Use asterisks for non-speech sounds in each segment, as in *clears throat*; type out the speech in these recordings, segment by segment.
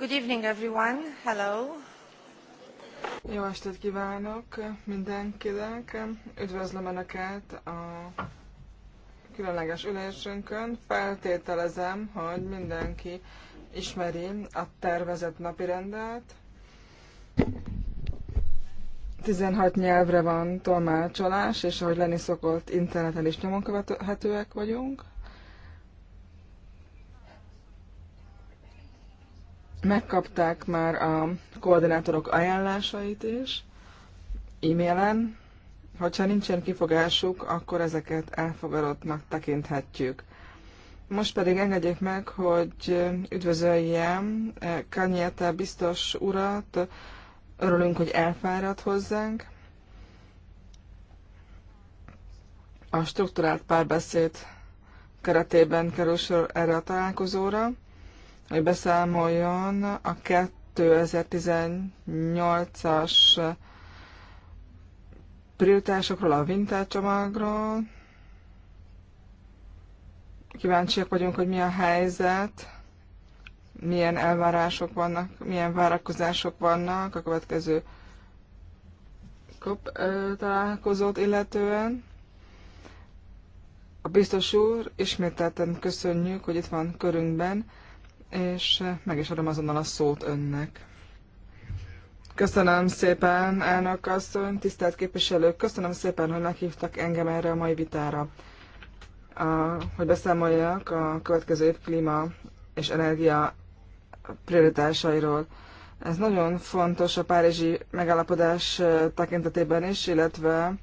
Good evening everyone. Hello. Jó estét kívánok mindenkinek. Üdvözlöm Önöket a különleges ülésünkön. Feltételezem, hogy mindenki ismeri a tervezett napirendet. 16 nyelvre van tolmácsolás, és ahogy lenni szokott, interneten is nyomon követhetőek vagyunk. Megkapták már a koordinátorok ajánlásait is e-mailen. Hogyha nincsen kifogásuk, akkor ezeket elfogadottnak tekinthetjük. Most pedig engedjék meg, hogy üdvözöljem eh, Kanyeta biztos urat. Örülünk, hogy elfáradt hozzánk. A strukturált párbeszéd keretében kerül sor erre a találkozóra hogy beszámoljon a 2018-as prioritásokról, a vintage csomagról. Kíváncsiak vagyunk, hogy mi a helyzet, milyen elvárások vannak, milyen várakozások vannak a következő kop találkozót illetően. A biztos úr, ismételten köszönjük, hogy itt van körünkben, és meg is adom azonnal a szót önnek. Köszönöm szépen, elnök asszony, tisztelt képviselők, köszönöm szépen, hogy meghívtak engem erre a mai vitára, a, hogy beszámoljak a következő év klíma és energia prioritásairól. Ez nagyon fontos a párizsi megállapodás eh, tekintetében is, illetve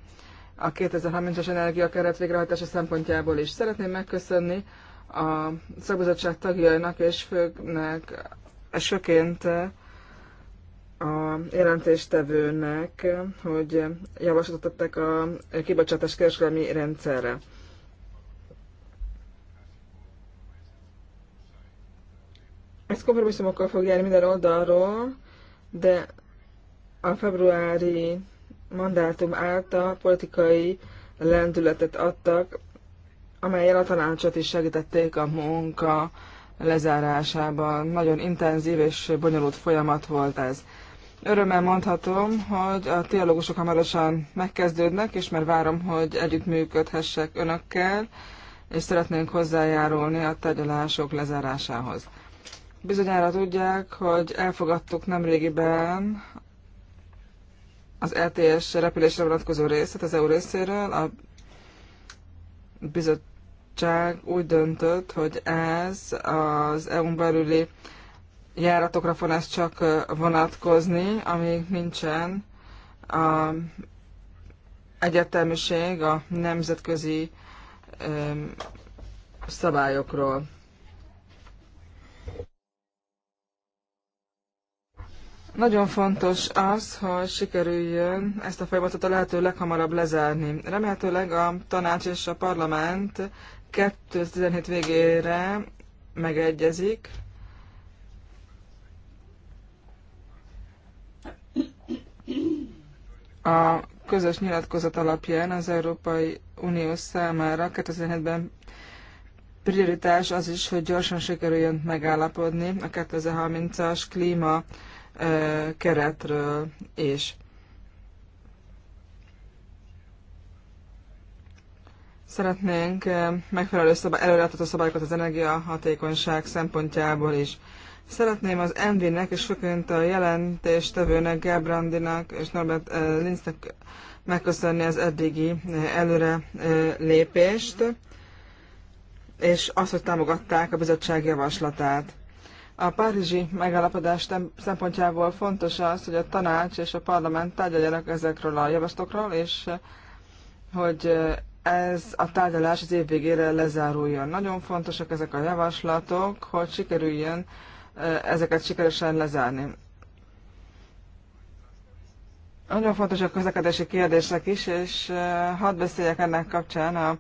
a 2030-as energiakeret végrehajtása szempontjából is. Szeretném megköszönni a szakbizottság tagjainak és főknek, esőként a jelentéstevőnek, hogy javaslatot tettek a kibocsátás kereskedelmi rendszerre. Ezt kompromisszumokkal fog járni minden oldalról, de a februári mandátum által politikai lendületet adtak amelyel a tanácsot is segítették a munka lezárásában. Nagyon intenzív és bonyolult folyamat volt ez. Örömmel mondhatom, hogy a dialógusok hamarosan megkezdődnek, és már várom, hogy együttműködhessek önökkel, és szeretnénk hozzájárulni a tárgyalások lezárásához. Bizonyára tudják, hogy elfogadtuk nemrégiben az RTS e repülésre vonatkozó részét az EU részéről, a bizottság úgy döntött, hogy ez az EU-n belüli járatokra fog ez csak vonatkozni, amíg nincsen a egyetemiség a nemzetközi szabályokról. Nagyon fontos az, hogy sikerüljön ezt a folyamatot a lehető leghamarabb lezárni. Remélhetőleg a tanács és a parlament 2017 végére megegyezik. A közös nyilatkozat alapján az Európai Unió számára 2007-ben prioritás az is, hogy gyorsan sikerüljön megállapodni a 2030-as klíma keretről és Szeretnénk megfelelő szabály, előreáltató szabályokat az energiahatékonyság szempontjából is. Szeretném az Envinek és főként a jelentéstevőnek, Gábrandinak és Norbert Linznek megköszönni az eddigi előre lépést, és azt, hogy támogatták a bizottság javaslatát. A párizsi megállapodás szempontjából fontos az, hogy a tanács és a parlament tárgyaljanak ezekről a javaslatokról, és eh, hogy eh, ez a tárgyalás az év végére lezáruljon. Nagyon fontosak ezek a javaslatok, hogy sikerüljön eh, ezeket sikeresen lezárni. Nagyon fontos a közlekedési kérdések is, és hadd beszéljek ennek kapcsán a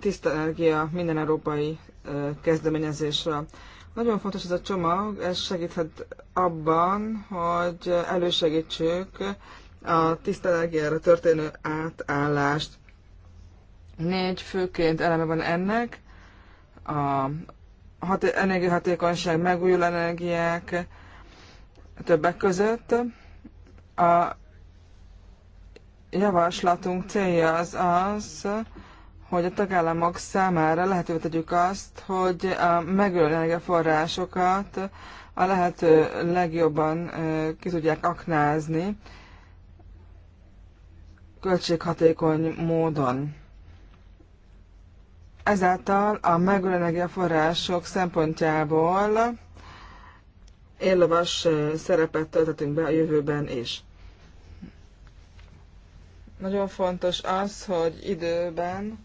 tiszta energia minden európai kezdeményezésről. Nagyon fontos ez a csomag, ez segíthet abban, hogy elősegítsük a tiszta energiára történő átállást. Négy főként eleme van ennek, a hat- energiahatékonyság, megújuló energiák, többek között. A javaslatunk célja az az, hogy a tagállamok számára lehetővé tegyük azt, hogy a a forrásokat a lehető legjobban ki tudják aknázni költséghatékony módon. Ezáltal a a források szempontjából éllovas szerepet töltetünk be a jövőben is. Nagyon fontos az, hogy időben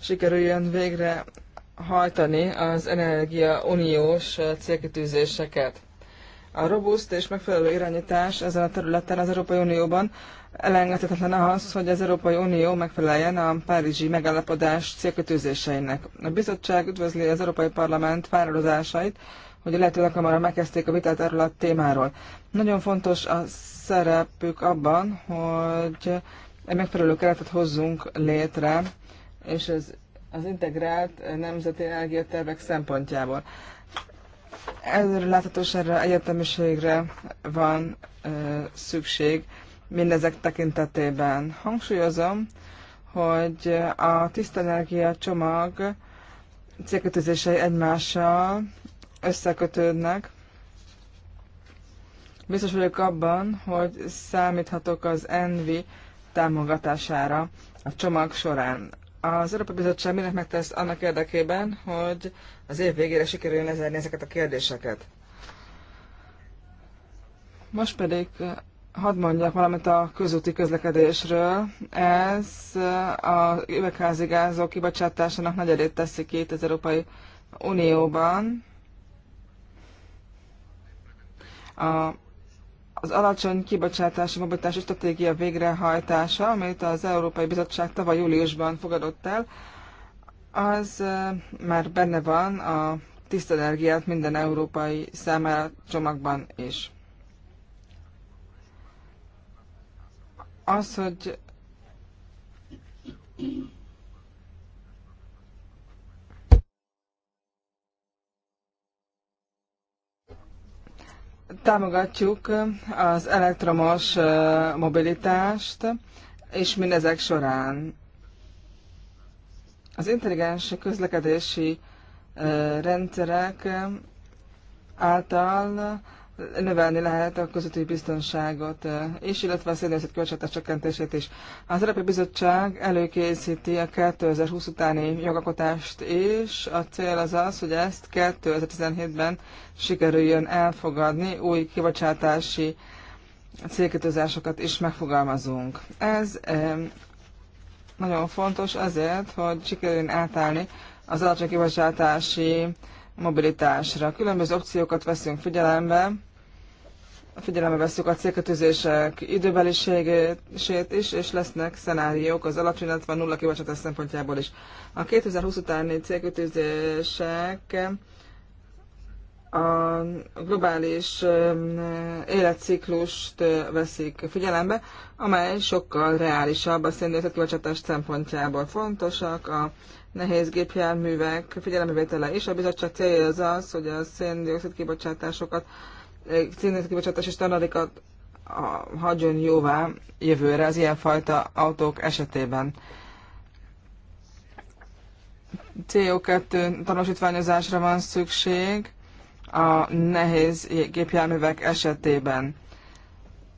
sikerüljön végre hajtani az energia uniós célkitűzéseket. A robuszt és megfelelő irányítás ezen a területen az Európai Unióban elengedhetetlen ahhoz, hogy az Európai Unió megfeleljen a Párizsi megállapodás célkötőzéseinek. A bizottság üdvözli az Európai Parlament fáradozásait, hogy a lehető leghamarabb megkezdték a vitát erről a témáról. Nagyon fontos a szerepük abban, hogy egy megfelelő keretet hozzunk létre és az, az integrált nemzeti energiatervek szempontjából. Előre láthatóságra, egyetemiségre van ö, szükség mindezek tekintetében. Hangsúlyozom, hogy a tiszta energia csomag célkötözései egymással összekötődnek. Biztos vagyok abban, hogy számíthatok az Envi támogatására a csomag során az Európai Bizottság mindent megtesz annak érdekében, hogy az év végére sikerüljön lezárni ezeket a kérdéseket. Most pedig eh, hadd mondjak valamit a közúti közlekedésről. Ez eh, a üvegházi gázok kibocsátásának negyedét teszi ki itt az Európai Unióban. A az alacsony kibocsátási mobilitási stratégia végrehajtása, amit az Európai Bizottság tavaly júliusban fogadott el, az már benne van a tiszta energiát minden európai számára csomagban is. Az, hogy támogatjuk az elektromos mobilitást, és mindezek során az intelligens közlekedési rendszerek által növelni lehet a közötti biztonságot és illetve a széndiokszid költségvetés csökkentését is. Az Európai Bizottság előkészíti a 2020 utáni jogakotást is. A cél az az, hogy ezt 2017-ben sikerüljön elfogadni, új kibocsátási célkötőzásokat is megfogalmazunk. Ez nagyon fontos azért, hogy sikerüljön átállni az alacsony kibocsátási mobilitásra. Különböző opciókat veszünk figyelembe, figyelembe veszük a célkötőzések időbeliségét is, és lesznek szenáriók az alacsony, illetve nulla kibocsátás szempontjából is. A 2020 utáni célkötőzések a globális életciklust veszik figyelembe, amely sokkal reálisabb a széndiokszid kibocsátás szempontjából. Fontosak a nehéz gépjárművek figyelembevétele is. A bizottság célja az az, hogy a széndiokszid kibocsátásokat és standardokat hagyjon jóvá jövőre az ilyenfajta autók esetében. CO2 tanúsítványozásra van szükség a nehéz gépjárművek esetében.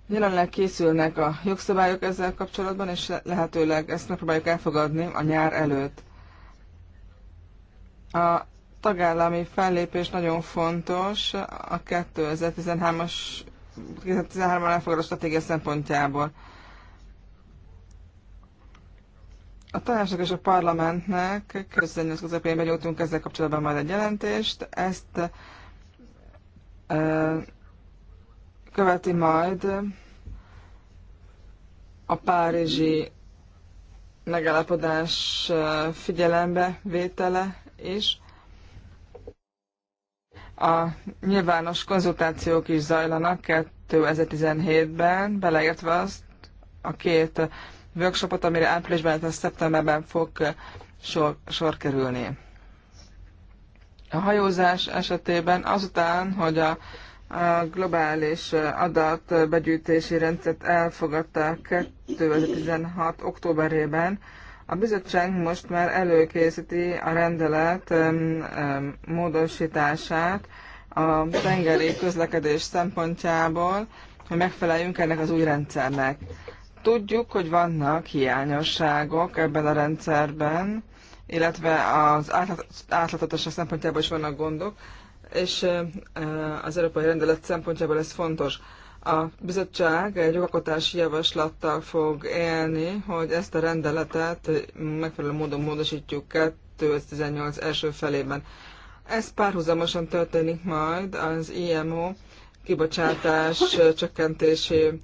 Jelenleg készülnek a jogszabályok ezzel kapcsolatban, és lehetőleg ezt megpróbáljuk elfogadni a nyár előtt. A tagállami fellépés nagyon fontos a 2013-as 2013-ban elfogadott stratégia szempontjából. A tanácsnak és a parlamentnek az közepén benyújtunk ezzel kapcsolatban majd egy jelentést. Ezt e, követi majd a párizsi megállapodás figyelembe vétele is. A nyilvános konzultációk is zajlanak 2017-ben, beleértve azt a két workshopot, amire áprilisban, illetve szeptemberben fog sor, sor kerülni. A hajózás esetében azután, hogy a, a globális adatbegyűjtési rendszert elfogadta 2016. októberében, a bizottság most már előkészíti a rendelet módosítását a tengeri közlekedés szempontjából, hogy megfeleljünk ennek az új rendszernek. Tudjuk, hogy vannak hiányosságok ebben a rendszerben, illetve az átláthatóság szempontjából is vannak gondok, és az európai rendelet szempontjából ez fontos. A bizottság egy jogalkotási javaslattal fog élni, hogy ezt a rendeletet megfelelő módon módosítjuk 2018 első felében. Ez párhuzamosan történik majd az IMO kibocsátás csökkentési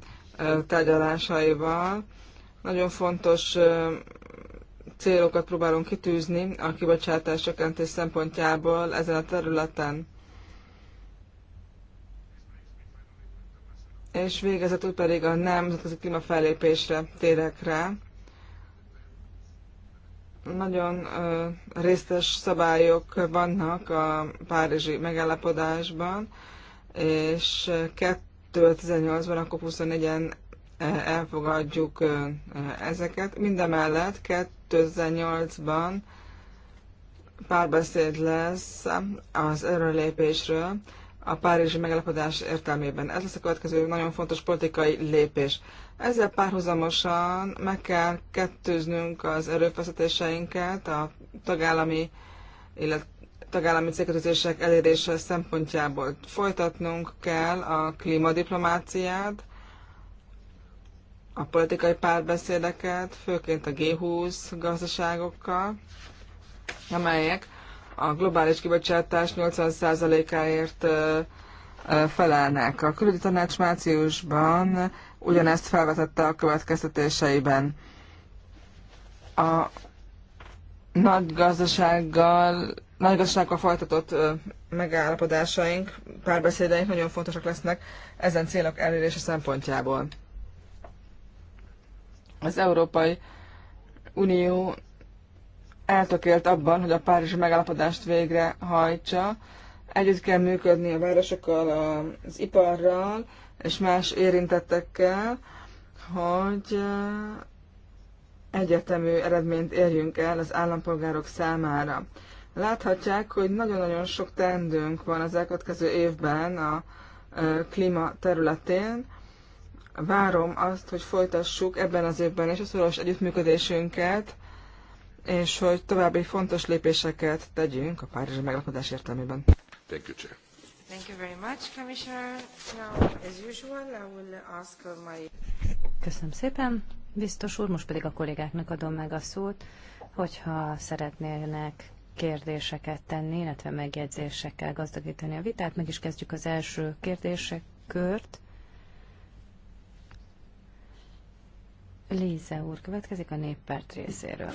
tárgyalásaival. Nagyon fontos célokat próbálunk kitűzni a kibocsátás csökkentés szempontjából ezen a területen. és végezetül pedig a nemzetközi klímafellépésre térek rá. Nagyon részes szabályok vannak a párizsi megállapodásban, és 2018-ban a COP24-en elfogadjuk ezeket. Mindemellett 2008-ban párbeszéd lesz az erőlépésről, a Párizsi megállapodás értelmében. Ez lesz a következő nagyon fontos politikai lépés. Ezzel párhuzamosan meg kell kettőznünk az erőfeszítéseinket a tagállami, illetve tagállami célkötözések elérése szempontjából. Folytatnunk kell a klímadiplomáciát, a politikai párbeszédeket, főként a G20 gazdaságokkal, amelyek a globális kibocsátás 80%-áért felelnek. A külügyi tanács márciusban ugyanezt felvetette a következtetéseiben. A nagy gazdasággal, nagy gazdasággal folytatott megállapodásaink, párbeszédeink nagyon fontosak lesznek ezen célok elérése szempontjából. Az Európai Unió eltökélt abban, hogy a Párizsi megállapodást végre hajtsa. Együtt kell működni a városokkal, az iparral és más érintettekkel, hogy eh, egyetemű eredményt érjünk el az állampolgárok számára. Láthatják, hogy nagyon-nagyon sok tendőnk van az elkövetkező évben a eh, klíma területén. Várom azt, hogy folytassuk ebben az évben és a szoros együttműködésünket és hogy további fontos lépéseket tegyünk a Párizsi megalapodás értelmében. Thank you, Chair. Thank you very much, Commissioner. Now, as usual, I will ask my... Köszönöm szépen. Biztos úr, most pedig a kollégáknak adom meg a szót, hogyha szeretnének kérdéseket tenni, illetve megjegyzésekkel gazdagítani a vitát. Meg is kezdjük az első kérdésekört. Léze úr, következik a néppárt részéről.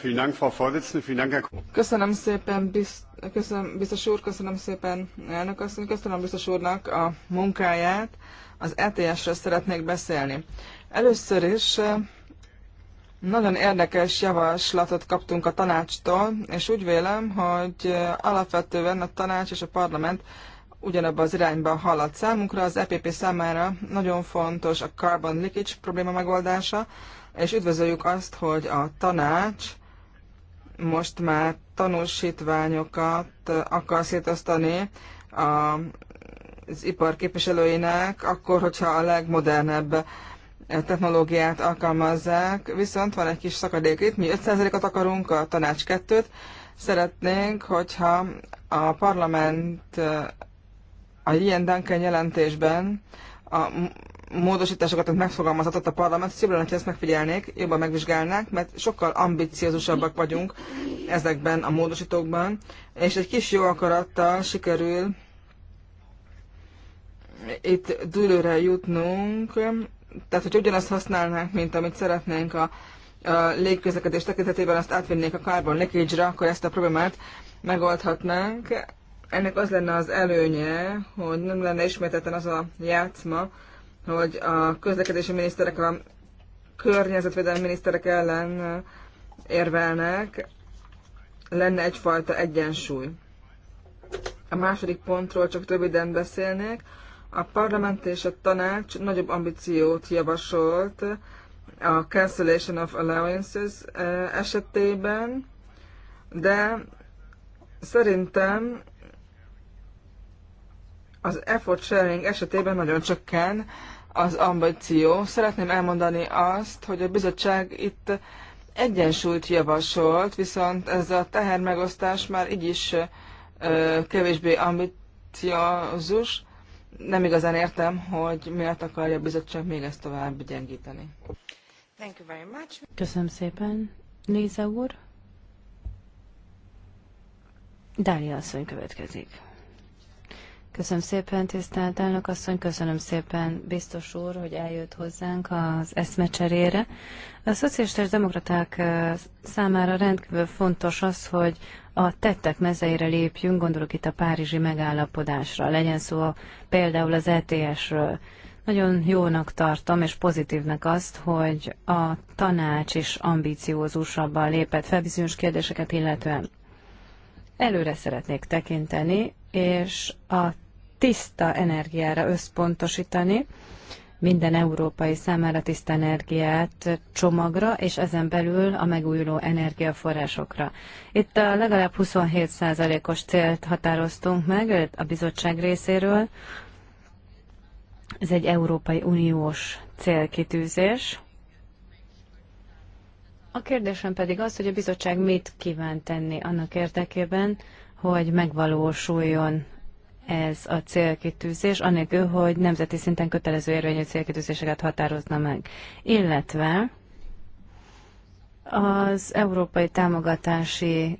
Köszönöm szépen, bizt, köszönöm, biztos úr, köszönöm szépen, elnök asszony, köszönöm biztos úrnak a munkáját. Az ETS-ről szeretnék beszélni. Először is nagyon érdekes javaslatot kaptunk a tanácstól, és úgy vélem, hogy alapvetően a tanács és a parlament ugyanabban az irányba halad. Számunkra az EPP számára nagyon fontos a carbon leakage probléma megoldása, és üdvözöljük azt, hogy a tanács most már tanúsítványokat akar szétosztani az ipar képviselőinek, akkor, hogyha a legmodernebb technológiát alkalmazzák, viszont van egy kis szakadék itt, mi 5 at akarunk, a tanács 2-t. Szeretnénk, hogyha a parlament a ilyen Duncan jelentésben a módosításokat, amit megfogalmazhatott a parlament, szívül lenne, hogy ezt megfigyelnék, jobban megvizsgálnák, mert sokkal ambiciózusabbak vagyunk ezekben a módosítókban, és egy kis jó akarattal sikerül itt dőlőre jutnunk, tehát hogy ugyanazt használnánk, mint amit szeretnénk a, a légközlekedés tekintetében, azt átvinnék a carbon leakage-re, akkor ezt a problémát megoldhatnánk. Ennek az lenne az előnye, hogy nem lenne ismételten az a játszma, hogy a közlekedési miniszterek a környezetvédelmi miniszterek ellen érvelnek, lenne egyfajta egyensúly. A második pontról csak röviden beszélnék. A parlament és a tanács nagyobb ambíciót javasolt a cancellation of allowances eh, esetében, de szerintem az effort sharing esetében nagyon csökken az ambíció. Szeretném elmondani azt, hogy a bizottság itt egyensúlyt javasolt, viszont ez a tehermegosztás már így is ö, kevésbé ambiciózus. Nem igazán értem, hogy miért akarja a bizottság még ezt tovább gyengíteni. Thank you very much. Köszönöm szépen. Léza úr. Dália asszony következik. Köszönöm szépen, tisztelt elnök asszony, köszönöm szépen biztos úr, hogy eljött hozzánk az eszmecserére. A szociális demokraták számára rendkívül fontos az, hogy a tettek mezeire lépjünk, gondolok itt a párizsi megállapodásra, legyen szó például az ETS-ről. Nagyon jónak tartom és pozitívnak azt, hogy a tanács is ambiciózusabban lépett fel bizonyos kérdéseket illetően. Előre szeretnék tekinteni, és a tiszta energiára összpontosítani, minden európai számára tiszta energiát csomagra, és ezen belül a megújuló energiaforrásokra. Itt a legalább 27%-os célt határoztunk meg a bizottság részéről. Ez egy Európai Uniós célkitűzés. A kérdésem pedig az, hogy a bizottság mit kíván tenni annak érdekében, hogy megvalósuljon ez a célkitűzés, anélkül, hogy nemzeti szinten kötelező érvényű célkitűzéseket határozna meg. Illetve az európai támogatási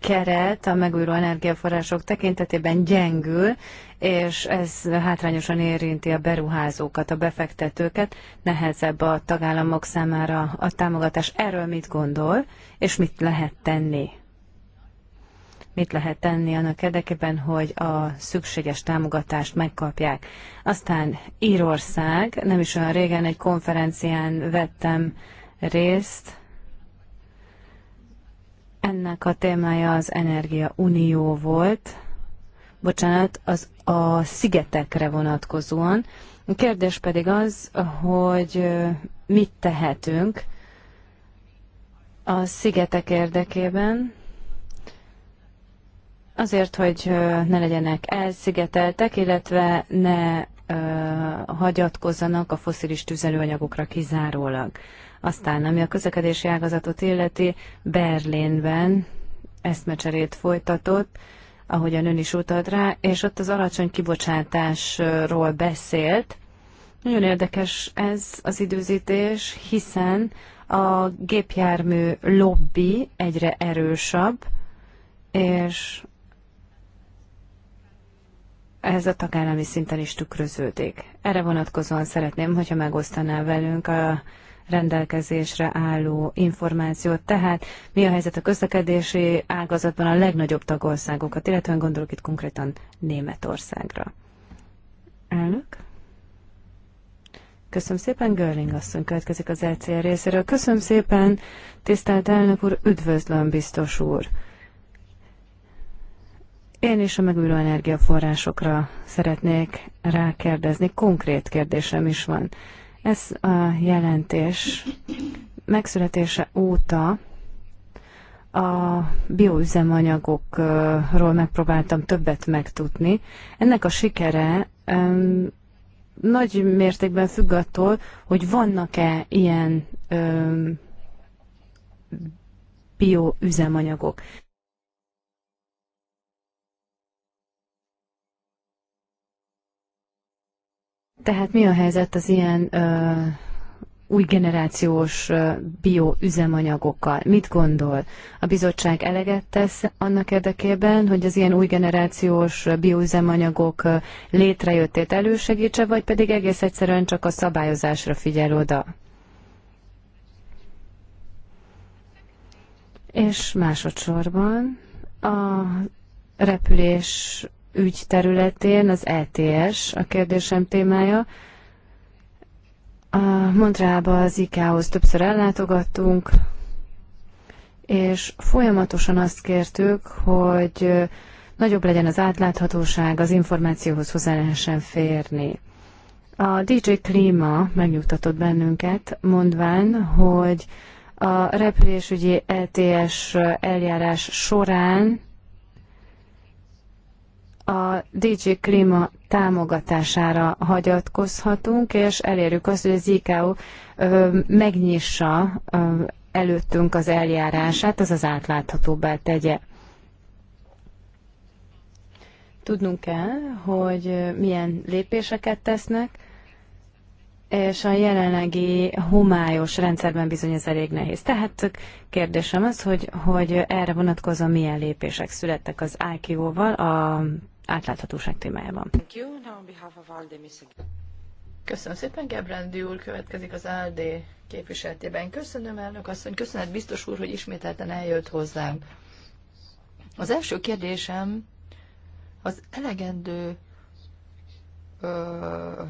keret a megújuló energiaforrások tekintetében gyengül, és ez hátrányosan érinti a beruházókat, a befektetőket, nehezebb a tagállamok számára a támogatás. Erről mit gondol, és mit lehet tenni? mit lehet tenni annak érdekében, hogy a szükséges támogatást megkapják. Aztán Írország, nem is olyan régen egy konferencián vettem részt, ennek a témája az Energia Unió volt, bocsánat, az a szigetekre vonatkozóan. A kérdés pedig az, hogy mit tehetünk a szigetek érdekében, Azért, hogy ne legyenek elszigeteltek, illetve ne hagyatkozzanak a foszilis tüzelőanyagokra kizárólag. Aztán, ami a közlekedési ágazatot illeti, Berlinben eszmecserét folytatott, ahogyan ön is utalt rá, és ott az alacsony kibocsátásról beszélt. Nagyon érdekes ez az időzítés, hiszen a gépjármű lobby egyre erősebb, és ez a tagállami szinten is tükröződik. Erre vonatkozóan szeretném, hogyha megosztaná velünk a rendelkezésre álló információt. Tehát mi a helyzet a közlekedési ágazatban a legnagyobb tagországokat, illetően gondolok itt konkrétan Németországra. Elnök? Köszönöm szépen, Görling asszony következik az LCR e részéről. Köszönöm szépen, tisztelt elnök úr, üdvözlöm, biztos úr. Én is a megújuló energiaforrásokra szeretnék rákérdezni. Konkrét kérdésem is van. Ez a jelentés megszületése óta a bioüzemanyagokról megpróbáltam többet megtudni. Ennek a sikere öm, nagy mértékben függ attól, hogy vannak-e ilyen öm, bioüzemanyagok. Tehát mi a helyzet az ilyen ö, új generációs bioüzemanyagokkal? Mit gondol? A bizottság eleget tesz annak érdekében, hogy az ilyen új generációs bioüzemanyagok létrejöttét elősegítse, vagy pedig egész egyszerűen csak a szabályozásra figyel oda? És másodszorban a repülés ügy területén az ETS a kérdésem témája. A Montreába az IK-hoz többször ellátogattunk, és folyamatosan azt kértük, hogy nagyobb legyen az átláthatóság, az információhoz hozzá lehessen férni. A DJ Klíma megnyugtatott bennünket, mondván, hogy a repülésügyi ETS eljárás során a DG Klíma támogatására hagyatkozhatunk, és elérjük azt, hogy az IKO megnyissa előttünk az eljárását, azaz átláthatóbbá tegye. Tudnunk kell, hogy milyen lépéseket tesznek, és a jelenlegi homályos rendszerben bizony ez elég nehéz. Tehát kérdésem az, hogy, hogy erre vonatkozóan milyen lépések születtek az iko val a átláthatóság témájában. Köszönöm szépen, Gebrendi úr, következik az ALD képviseletében. Köszönöm, elnök asszony, köszönet biztos úr, hogy ismételten eljött hozzám. Az első kérdésem az elegendő ö,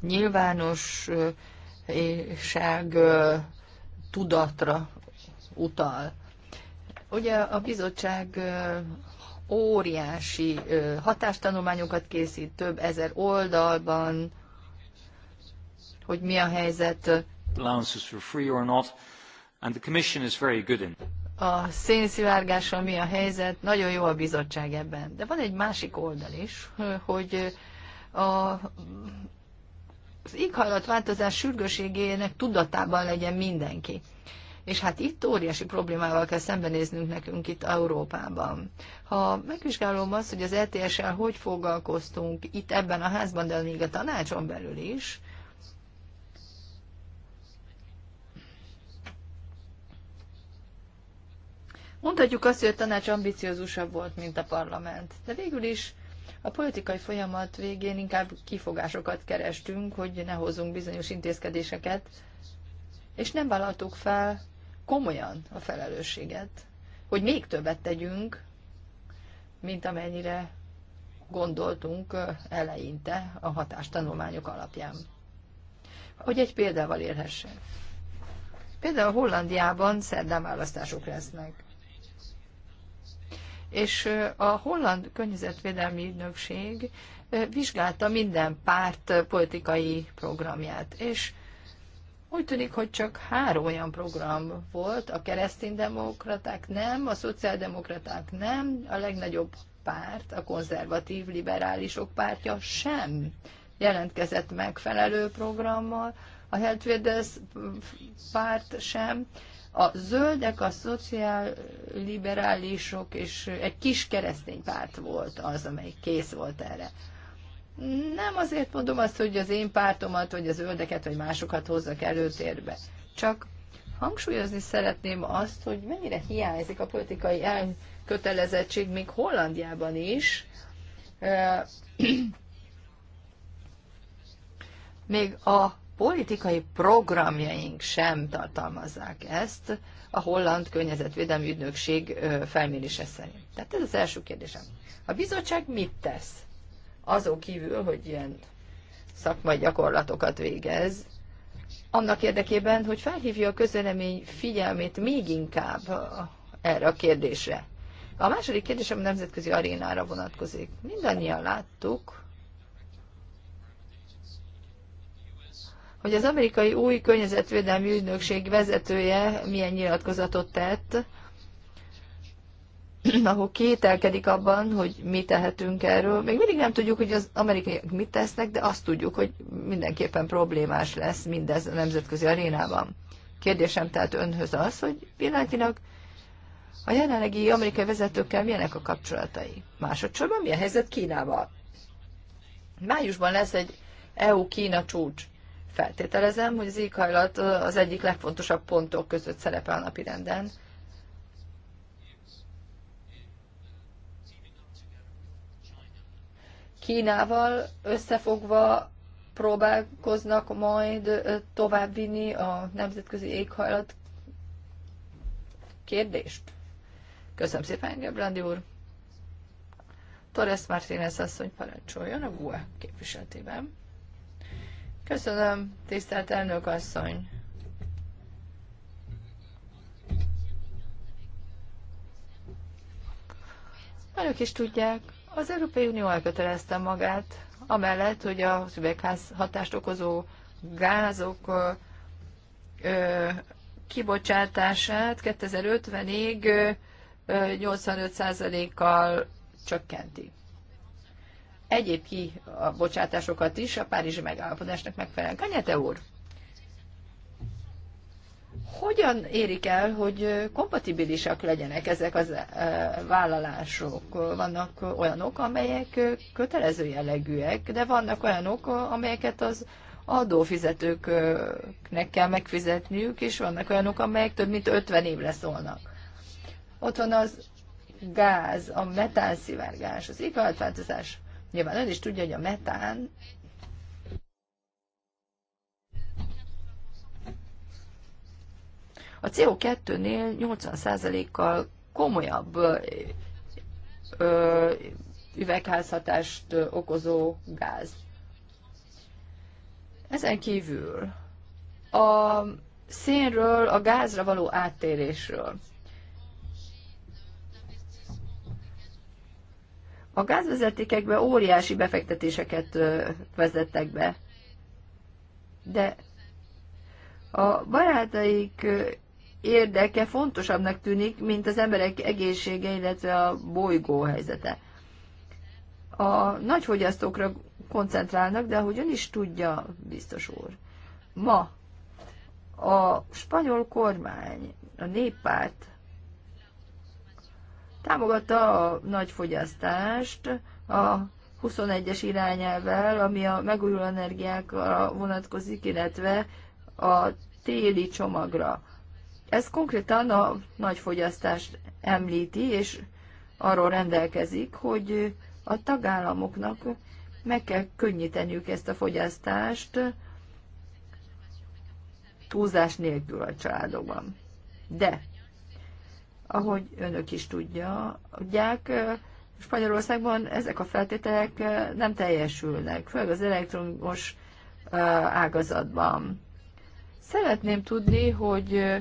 nyilvános ö, tudatra utal. Ugye a bizottság óriási hatástanulmányokat készít, több ezer oldalban, hogy mi a helyzet. A szénszivárgással mi a helyzet, nagyon jó a bizottság ebben. De van egy másik oldal is, hogy a, az éghajlatváltozás sürgőségének tudatában legyen mindenki. És hát itt óriási problémával kell szembenéznünk nekünk itt Európában. Ha megvizsgálom azt, hogy az ETS-el hogy foglalkoztunk itt ebben a házban, de még a tanácson belül is, Mondhatjuk azt, hogy a tanács ambiciózusabb volt, mint a parlament. De végül is a politikai folyamat végén inkább kifogásokat kerestünk, hogy ne hozzunk bizonyos intézkedéseket, és nem vállaltuk fel komolyan a felelősséget, hogy még többet tegyünk, mint amennyire gondoltunk eleinte a hatástanulmányok alapján. Hogy egy példával érhessen. Például Hollandiában szerdán választások lesznek. És a holland környezetvédelmi ügynökség vizsgálta minden párt politikai programját, és úgy tűnik, hogy csak három olyan program volt, a kereszténydemokraták nem, a szociáldemokraták nem, a legnagyobb párt, a konzervatív liberálisok pártja sem jelentkezett megfelelő programmal, a Heltvédesz párt sem, a zöldek, a szociálliberálisok és egy kis keresztény párt volt az, amely kész volt erre. Nem azért mondom azt, hogy az én pártomat, vagy az öldeket, vagy másokat hozzak előtérbe. Csak hangsúlyozni szeretném azt, hogy mennyire hiányzik a politikai elkötelezettség még Hollandiában is. *clears throat* Még a politikai programjaink sem tartalmazzák ezt a holland környezetvédelmi ügynökség felmérése szerint. Tehát ez az első kérdésem. A bizottság mit tesz? azon kívül, hogy ilyen szakmai gyakorlatokat végez, annak érdekében, hogy felhívja a közelemény figyelmét még inkább erre a kérdésre. A második kérdésem a nemzetközi arénára vonatkozik. Mindannyian láttuk, hogy az amerikai új környezetvédelmi ügynökség vezetője milyen nyilatkozatot tett, *clears throat* ahol kételkedik abban, hogy mi tehetünk erről. Még mindig nem tudjuk, hogy az amerikaiak mit tesznek, de azt tudjuk, hogy mindenképpen problémás lesz mindez a nemzetközi arénában. Kérdésem tehát önhöz az, hogy pillanatilag a jelenlegi amerikai vezetőkkel milyenek a kapcsolatai? Másodszorban mi a helyzet Kínával? Májusban lesz egy EU-Kína csúcs. Feltételezem, hogy az éghajlat az egyik legfontosabb pontok között szerepel a napirenden. renden Kínával összefogva próbálkoznak majd továbbvinni a nemzetközi éghajlat kérdést? Köszönöm szépen, Gebrandi úr. Torres Martínez asszony parancsoljon a GUE képviseletében. Köszönöm, tisztelt elnök asszony. Önök is tudják, az Európai Unió elkötelezte magát, amellett, hogy a üvegház hatást okozó gázok ö, kibocsátását 2050-ig 85%-kal csökkenti. Egyéb kibocsátásokat is a Párizsi megállapodásnak megfelelően. Kanyete úr! hogyan érik el, hogy kompatibilisak legyenek ezek az eh, vállalások? Vannak olyanok, amelyek kötelező jellegűek, de vannak olyanok, amelyeket az adófizetőknek kell megfizetniük, és vannak olyanok, amelyek több mint 50 évre szólnak. Ott van az gáz, a metánszivárgás, az éghajlatváltozás. Nyilván ön is tudja, hogy a metán A CO2-nél 80%-kal komolyabb ö, üvegházhatást okozó gáz. Ezen kívül a szénről a gázra való áttérésről. A gázvezetékekbe óriási befektetéseket vezettek be, de a barátaik érdeke fontosabbnak tűnik, mint az emberek egészsége, illetve a bolygó helyzete. A nagyfogyasztókra koncentrálnak, de ahogy ön is tudja, biztos úr, ma a spanyol kormány, a néppárt támogatta a nagyfogyasztást a 21-es irányelvel, ami a megújuló energiákra vonatkozik, illetve a téli csomagra. Ez konkrétan a nagy fogyasztást említi, és arról rendelkezik, hogy a tagállamoknak meg kell könnyíteniük ezt a fogyasztást túlzás nélkül a családokban. De, ahogy önök is tudják, Spanyolországban ezek a feltételek nem teljesülnek, főleg az elektromos ágazatban. Szeretném tudni, hogy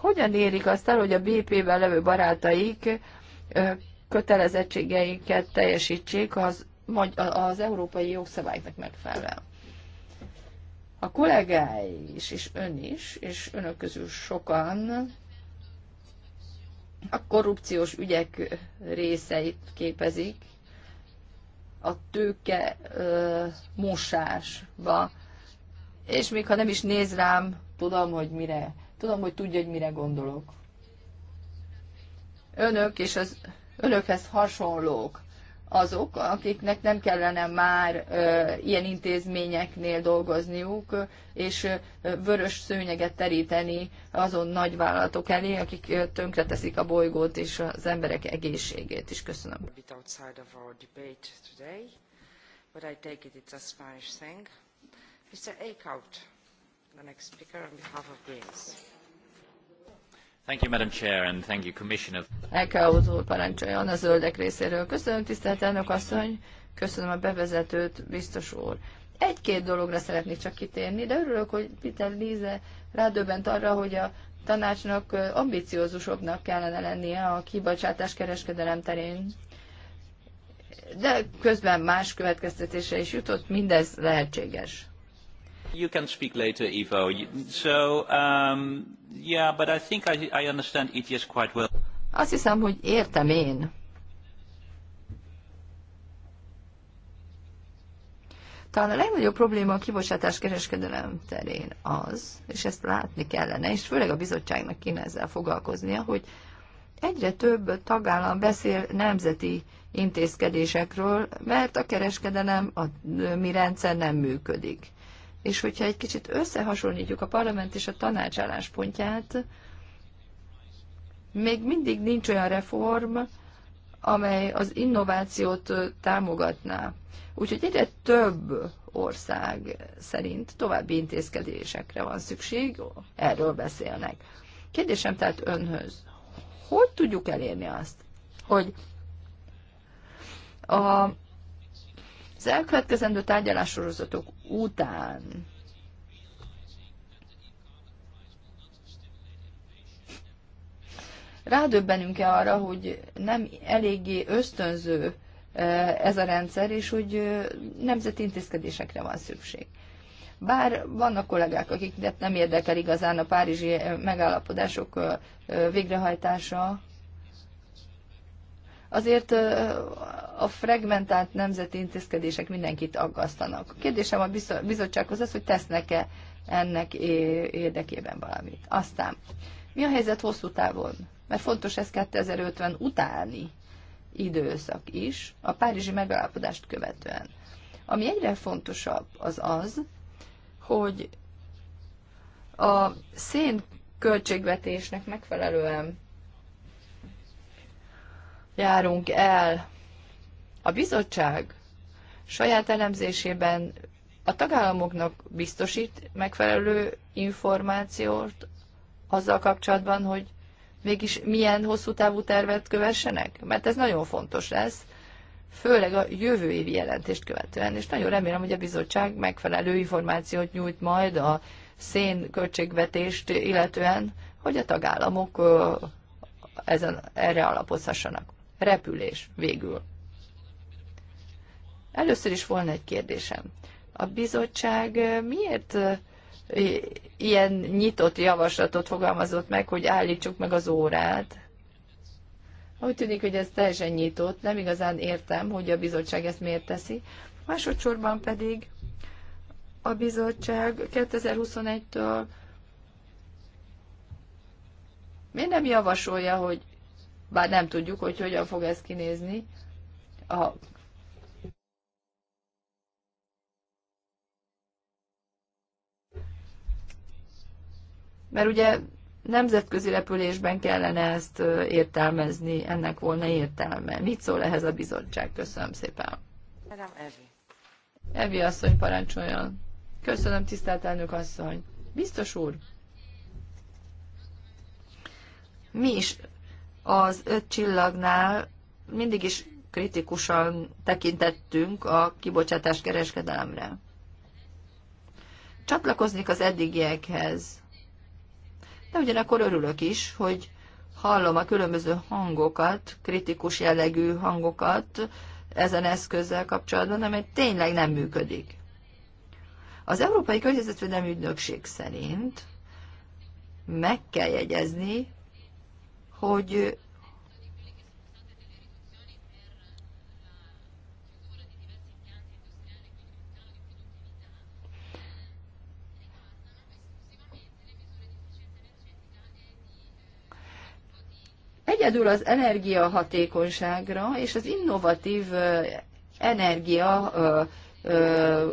hogyan érik azt el, hogy a BP-ben levő barátaik kötelezettségeiket teljesítsék az, az európai jogszabályoknak megfelelően. A kollégái is, és ön is, és önök közül sokan a korrupciós ügyek részeit képezik, a tőke mosásba, és még ha nem is néz rám, tudom, hogy mire Tudom, hogy tudja, hogy mire gondolok. Önök és az önökhez hasonlók azok, akiknek nem kellene már ö, ilyen intézményeknél dolgozniuk, és ö, vörös szőnyeget teríteni azon nagyvállalatok elé, akik ö, tönkreteszik a bolygót és az emberek egészségét is. Köszönöm. Mr. The next speaker on behalf of Greens. Thank you, Madam Chair, and thank you, Commissioner. Eckhout úr parancsoljon a zöldek részéről. Köszönöm, tisztelt elnök asszony, köszönöm a bevezetőt, biztos úr. Egy-két dologra szeretnék csak kitérni, de örülök, hogy Peter Líze rádöbbent arra, hogy a tanácsnak ambiciózusabbnak kellene lennie a kibocsátás kereskedelem terén. De közben más következtetése is jutott, mindez lehetséges. You can speak later, Ivo. So, um, yeah, but I think I, I understand ETS quite well. Azt hiszem, hogy értem én. Talán a legnagyobb probléma a kibocsátás kereskedelem terén az, és ezt látni kellene, és főleg a bizottságnak kéne ezzel foglalkoznia, hogy egyre több tagállam beszél nemzeti intézkedésekről, mert a kereskedelem, a mi rendszer nem működik. És hogyha egy kicsit összehasonlítjuk a parlament és a tanács álláspontját, még mindig nincs olyan reform, amely az innovációt támogatná. Úgyhogy egyre több ország szerint további intézkedésekre van szükség, erről beszélnek. Kérdésem tehát önhöz, hogy tudjuk elérni azt, hogy a az elkövetkezendő tárgyalássorozatok után rádöbbenünk-e arra, hogy nem eléggé ösztönző e, ez a rendszer, és hogy e, nemzeti intézkedésekre van szükség. Bár vannak kollégák, akiket nem érdekel igazán a párizsi megállapodások e, végrehajtása, azért a fragmentált nemzeti intézkedések mindenkit aggasztanak. A kérdésem a bizottsághoz az, hogy tesznek-e ennek érdekében valamit. Aztán, mi a helyzet hosszú távon? Mert fontos ez 2050 utáni időszak is, a párizsi megállapodást követően. Ami egyre fontosabb az az, hogy a szén költségvetésnek megfelelően járunk el. A bizottság saját elemzésében a tagállamoknak biztosít megfelelő információt azzal kapcsolatban, hogy mégis milyen hosszú távú tervet kövessenek? Mert ez nagyon fontos lesz, főleg a jövő évi jelentést követően, és nagyon remélem, hogy a bizottság megfelelő információt nyújt majd a szén költségvetést illetően, hogy a tagállamok ezen, erre alapozhassanak repülés végül. Először is volna egy kérdésem. A bizottság miért ilyen nyitott javaslatot fogalmazott meg, hogy állítsuk meg az órát? Úgy tűnik, hogy ez teljesen nyitott, nem igazán értem, hogy a bizottság ezt miért teszi. Másodszorban pedig a bizottság 2021-től miért nem javasolja, hogy bár nem tudjuk, hogy hogyan fog ez kinézni. A Mert ugye nemzetközi repülésben kellene ezt értelmezni, ennek volna értelme. Mit szól ehhez a bizottság? Köszönöm szépen. Madame Evi. Evi asszony parancsoljon. Köszönöm, tisztelt elnök asszony. Biztos úr, mi is az öt csillagnál mindig is kritikusan tekintettünk a kibocsátás kereskedelemre. Csatlakoznék az eddigiekhez. De ugyanakkor örülök is, hogy hallom a különböző hangokat, kritikus jellegű hangokat ezen eszközzel kapcsolatban, amely tényleg nem működik. Az Európai Környezetvédelmi Ügynökség szerint meg kell jegyezni, hogy egyedül az energiahatékonyságra és az innovatív energia ö, ö,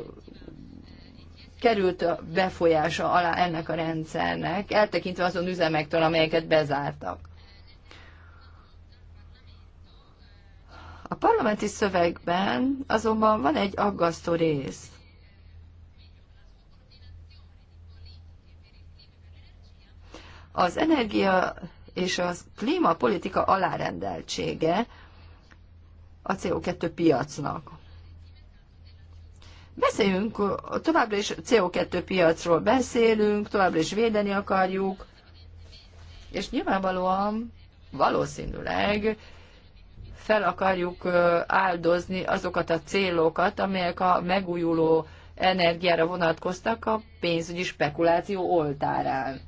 került a befolyása alá ennek a rendszernek, eltekintve azon üzemektől, amelyeket bezártak. A parlamenti szövegben azonban van egy aggasztó rész. Az energia és a klímapolitika alárendeltsége a CO2 piacnak. Beszéljünk, továbbra is CO2 piacról beszélünk, továbbra is védeni akarjuk, és nyilvánvalóan valószínűleg fel akarjuk áldozni azokat a célokat, amelyek a megújuló energiára vonatkoztak a pénzügyi spekuláció oltárán.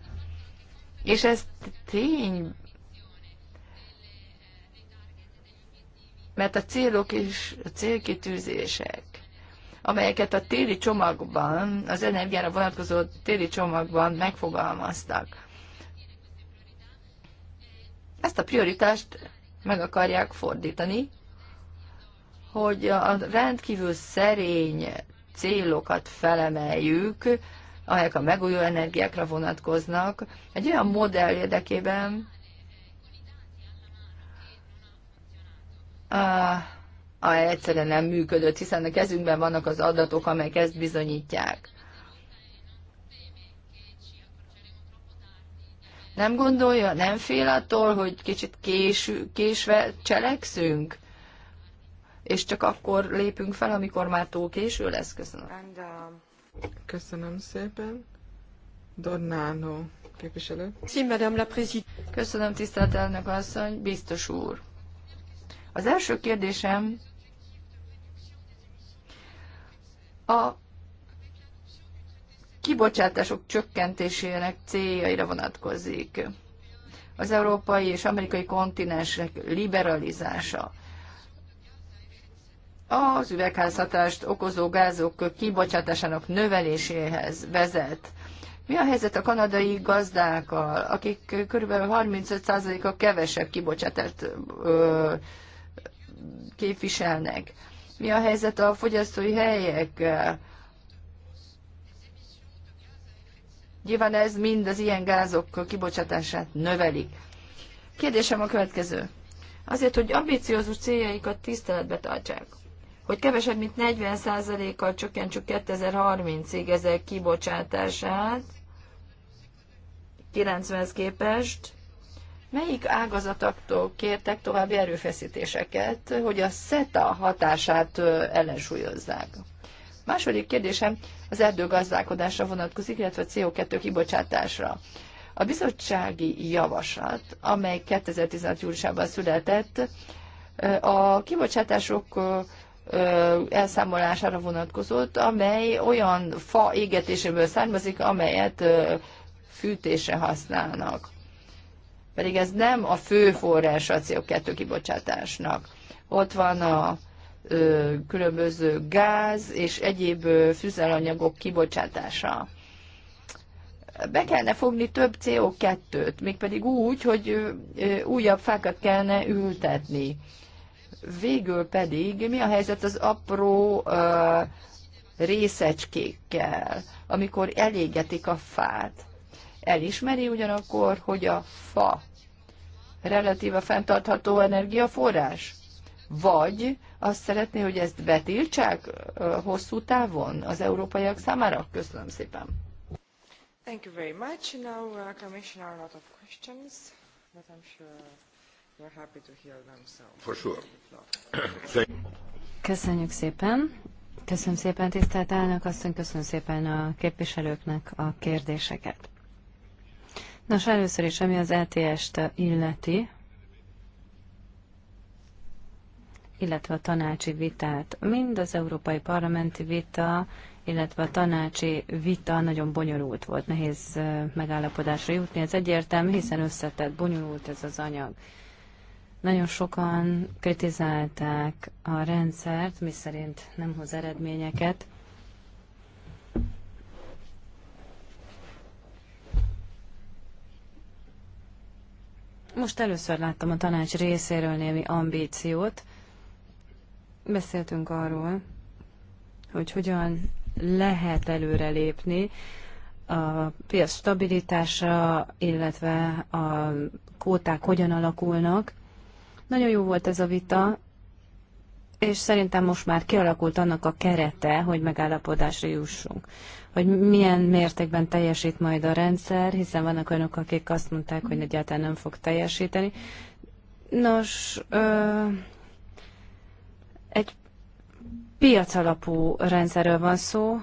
És ez tény, mert a célok és a célkitűzések, amelyeket a téli csomagban, az energiára vonatkozó téli csomagban megfogalmaztak, ezt a prioritást meg akarják fordítani, hogy a rendkívül szerény célokat felemeljük, amelyek a megújuló energiákra vonatkoznak, egy olyan modell érdekében, a egyszerűen nem működött, hiszen a kezünkben vannak az adatok, amelyek ezt bizonyítják. Nem gondolja, nem fél attól, hogy kicsit késő, késve cselekszünk? És csak akkor lépünk fel, amikor már túl késő lesz? Köszönöm. And, um... Köszönöm szépen. Dornano képviselő. Madame la Köszönöm, tisztelt elnök asszony, biztos úr. Az első kérdésem a kibocsátások csökkentésének céljaira vonatkozik. Az európai és amerikai kontinensek liberalizása. Az üvegházhatást okozó gázok kibocsátásának növeléséhez vezet. Mi a helyzet a kanadai gazdákkal, akik kb. 35%-a kevesebb kibocsátást ö, képviselnek? Mi a helyzet a fogyasztói helyekkel? Nyilván ez mind az ilyen gázok kibocsátását növelik Kérdésem a következő. Azért, hogy ambiciózus céljaikat tiszteletbe tartsák, hogy kevesebb, mint 40%-kal csökkentsük 2030-ig ezek kibocsátását, 90-hez képest, melyik ágazatoktól kértek további erőfeszítéseket, hogy a SETA hatását ellensúlyozzák? Második kérdésem az erdőgazdálkodásra vonatkozik, illetve a CO2 kibocsátásra. A bizottsági javaslat, amely 2016. júliusában született, a kibocsátások elszámolására vonatkozott, amely olyan fa égetéséből származik, amelyet fűtésre használnak. Pedig ez nem a fő forrás a CO2 kibocsátásnak. Ott van a különböző gáz és egyéb fűzelanyagok kibocsátása. Be kellene fogni több CO2-t, mégpedig úgy, hogy újabb fákat kellene ültetni. Végül pedig mi a helyzet az apró részecskékkel, amikor elégetik a fát? Elismeri ugyanakkor, hogy a fa relatíva fenntartható energiaforrás? vagy azt szeretné, hogy ezt betiltsák hosszú távon az európaiak számára? Köszönöm szépen. Thank you very much. Now, uh, Commissioner, a lot of questions, but I'm sure you're happy to hear them. So. For sure. Köszönjük szépen. Köszönöm szépen, tisztelt elnök asszony, köszönöm szépen a képviselőknek a kérdéseket. Nos, először is, ami az LTS-t e illeti, illetve a tanácsi vitát. Mind az európai parlamenti vita, illetve a tanácsi vita nagyon bonyolult volt, nehéz megállapodásra jutni. Ez egyértelmű, hiszen összetett, bonyolult ez az anyag. Nagyon sokan kritizálták a rendszert, miszerint nem hoz eredményeket. Most először láttam a tanács részéről némi ambíciót, Beszéltünk arról, hogy hogyan lehet előrelépni a piac stabilitása, illetve a kóták hogyan alakulnak. Nagyon jó volt ez a vita, és szerintem most már kialakult annak a kerete, hogy megállapodásra jussunk. Hogy milyen mértékben teljesít majd a rendszer, hiszen vannak olyanok, akik azt mondták, hogy egyáltalán nem fog teljesíteni. Nos, ö- egy piacalapú rendszerről van szó,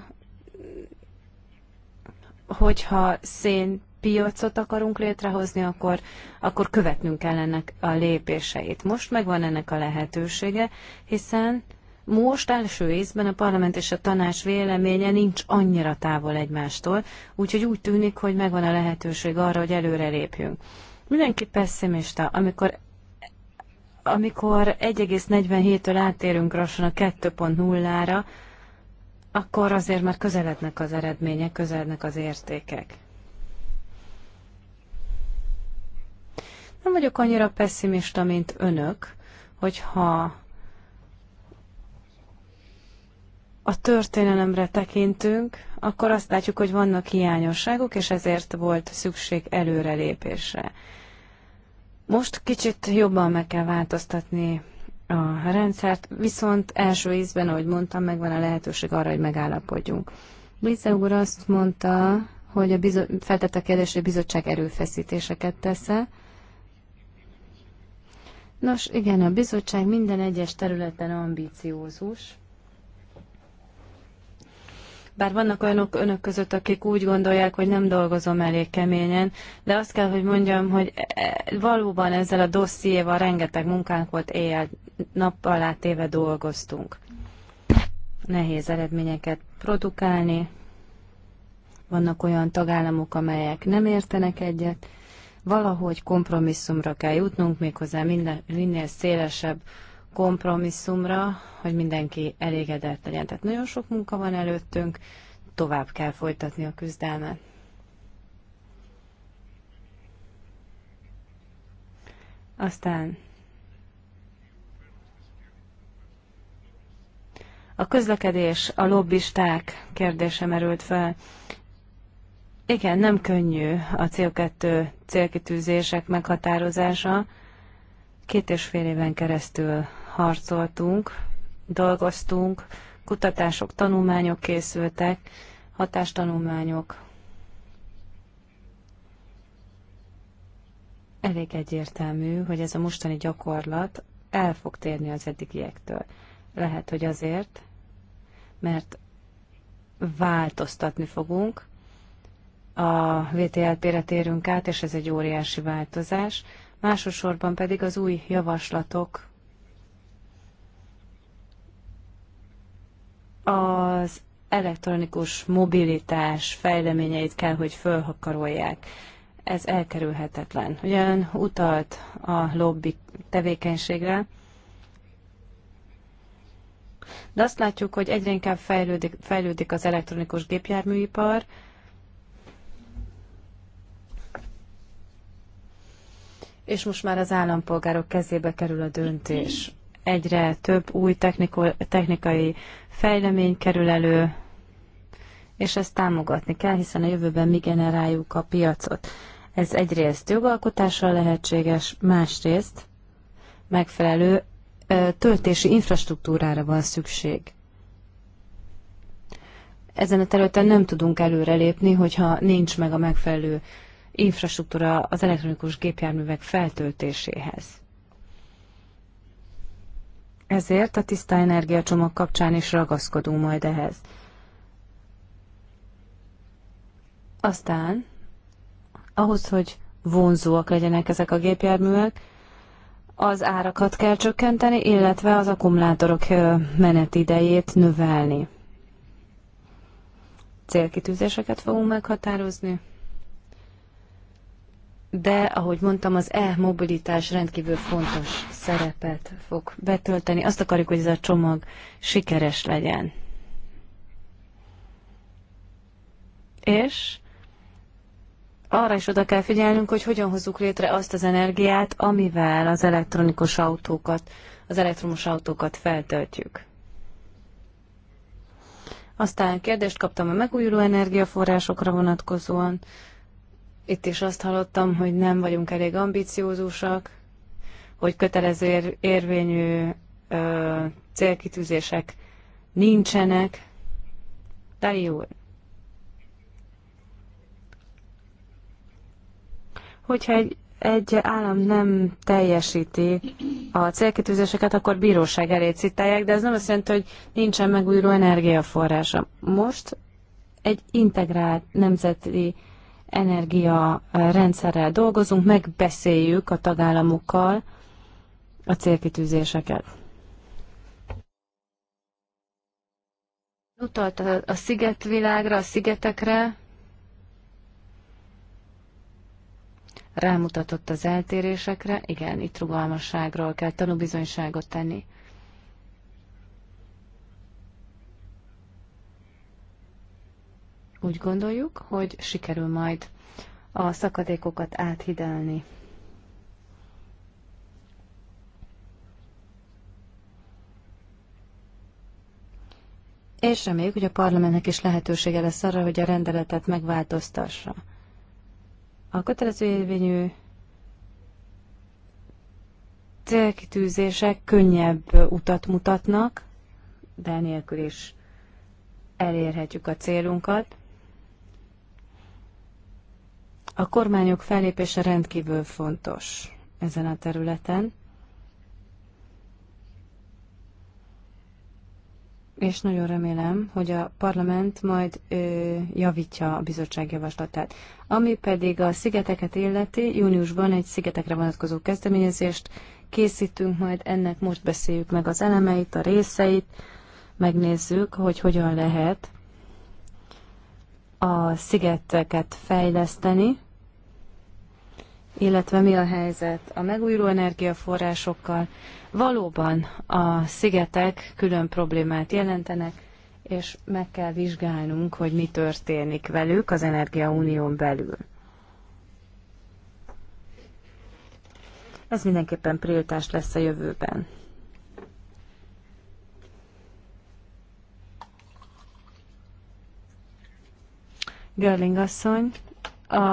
hogyha szénpiacot akarunk létrehozni, akkor, akkor követnünk kell ennek a lépéseit. Most megvan ennek a lehetősége, hiszen most első észben a parlament és a tanács véleménye nincs annyira távol egymástól, úgyhogy úgy tűnik, hogy megvan a lehetőség arra, hogy előre lépjünk. Mindenki pessimista, amikor amikor 1,47-től átérünk lassan a 2.0-ra, akkor azért már közelednek az eredmények, közelednek az értékek. Nem vagyok annyira pessimista, mint önök, hogyha a történelemre tekintünk, akkor azt látjuk, hogy vannak hiányosságok, és ezért volt szükség előrelépésre. Most kicsit jobban meg kell változtatni a rendszert, viszont első ízben, ahogy mondtam, megvan a lehetőség arra, hogy megállapodjunk. Lisa úr azt mondta, hogy a bizo- feltett a kérdés, hogy a bizottság erőfeszítéseket tesz -e. Nos, igen, a bizottság minden egyes területen ambiciózus. Bár vannak olyanok önök között, akik úgy gondolják, hogy nem dolgozom elég keményen, de azt kell, hogy mondjam, hogy e, e, valóban ezzel a dossziéval rengeteg munkánk volt éjjel, nappal alá téve dolgoztunk. Nehéz eredményeket produkálni, vannak olyan tagállamok, amelyek nem értenek egyet, valahogy kompromisszumra kell jutnunk, méghozzá minden, minél szélesebb kompromisszumra, hogy mindenki elégedett legyen. Tehát nagyon sok munka van előttünk, tovább kell folytatni a küzdelmet. Aztán a közlekedés, a lobbisták kérdése merült fel. Igen, nem könnyű a CO2 célkitűzések meghatározása. Két és fél éven keresztül harcoltunk, dolgoztunk, kutatások, tanulmányok készültek, hatástanulmányok. Elég egyértelmű, hogy ez a mostani gyakorlat el fog térni az eddigiektől. Lehet, hogy azért, mert változtatni fogunk, a VTLP-re térünk át, és ez egy óriási változás. Másosorban pedig az új javaslatok az elektronikus mobilitás fejleményeit kell, hogy fölhakarolják. Ez elkerülhetetlen. Ugyan utalt a lobby tevékenységre, de azt látjuk, hogy egyre inkább fejlődik, fejlődik az elektronikus gépjárműipar, és most már az állampolgárok kezébe kerül a döntés egyre több új technikai fejlemény kerül elő, és ezt támogatni kell, hiszen a jövőben mi generáljuk a piacot. Ez egyrészt jogalkotással lehetséges, másrészt megfelelő töltési infrastruktúrára van szükség. Ezen a területen nem tudunk előrelépni, hogyha nincs meg a megfelelő infrastruktúra az elektronikus gépjárművek feltöltéséhez. Ezért a tiszta energiacsomag kapcsán is ragaszkodunk majd ehhez. Aztán, ahhoz, hogy vonzóak legyenek ezek a gépjárművek, az árakat kell csökkenteni, illetve az akkumulátorok menetidejét növelni. Célkitűzéseket fogunk meghatározni de ahogy mondtam, az e-mobilitás rendkívül fontos szerepet fog betölteni. Azt akarjuk, hogy ez a csomag sikeres legyen. És arra is oda kell figyelnünk, hogy hogyan hozzuk létre azt az energiát, amivel az elektronikus autókat, az elektromos autókat feltöltjük. Aztán kérdést kaptam a megújuló energiaforrásokra vonatkozóan. Itt is azt hallottam, hogy nem vagyunk elég ambiciózusak, hogy kötelező ér, érvényű ö, célkitűzések nincsenek. Te jó. Hogyha egy, egy állam nem teljesíti a célkitűzéseket, akkor bíróság elé citálják, de ez nem azt jelenti, hogy nincsen megújuló energiaforrása. Most egy integrált nemzeti energia eh, rendszerrel dolgozunk, megbeszéljük a tagállamokkal a célkitűzéseket. Utalt a, a szigetvilágra, a szigetekre, rámutatott az eltérésekre, igen, itt rugalmasságról kell tanúbizonyságot tenni. Úgy gondoljuk, hogy sikerül majd a szakadékokat áthidelni. És reméljük, hogy a parlamentnek is lehetősége lesz arra, hogy a rendeletet megváltoztassa. A kötelező érvényű célkitűzések könnyebb utat mutatnak, de nélkül is elérhetjük a célunkat. A kormányok fellépése rendkívül fontos ezen a területen. és nagyon remélem, hogy a parlament majd ö, javítja a bizottság javaslatát. Ami pedig a szigeteket illeti, júniusban egy szigetekre vonatkozó kezdeményezést készítünk, majd ennek most beszéljük meg az elemeit, a részeit, megnézzük, hogy hogyan lehet a szigeteket fejleszteni, illetve mi a helyzet a megújuló energiaforrásokkal. Valóban a szigetek külön problémát jelentenek, és meg kell vizsgálnunk, hogy mi történik velük az Energiaunión belül. Ez mindenképpen prioritás lesz a jövőben. Görling asszony, a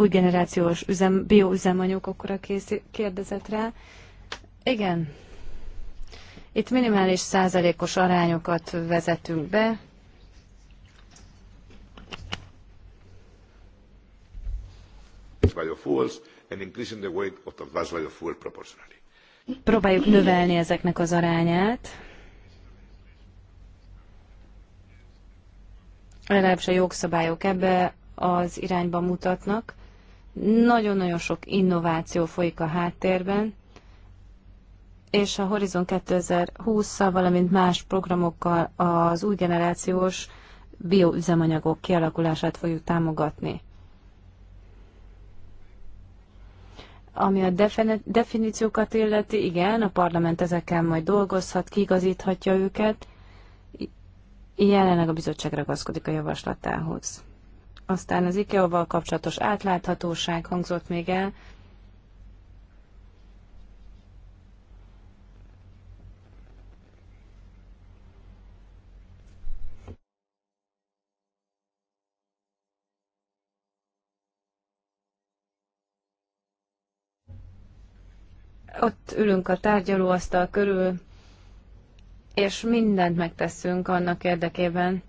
új generációs üzem, bioüzemanyagokra kérdezett rá. Igen, itt minimális százalékos arányokat vezetünk be. Próbáljuk növelni ezeknek az arányát. Legalábbis a jogszabályok ebbe az irányba mutatnak. Nagyon-nagyon sok innováció folyik a háttérben, és a Horizon 2020-szal, valamint más programokkal az új generációs bioüzemanyagok kialakulását fogjuk támogatni. Ami a definíciókat illeti, igen, a parlament ezekkel majd dolgozhat, kiigazíthatja őket. Jelenleg a bizottság ragaszkodik a javaslatához. Aztán az IKEA-val kapcsolatos átláthatóság hangzott még el. Ott ülünk a tárgyalóasztal körül, és mindent megteszünk annak érdekében,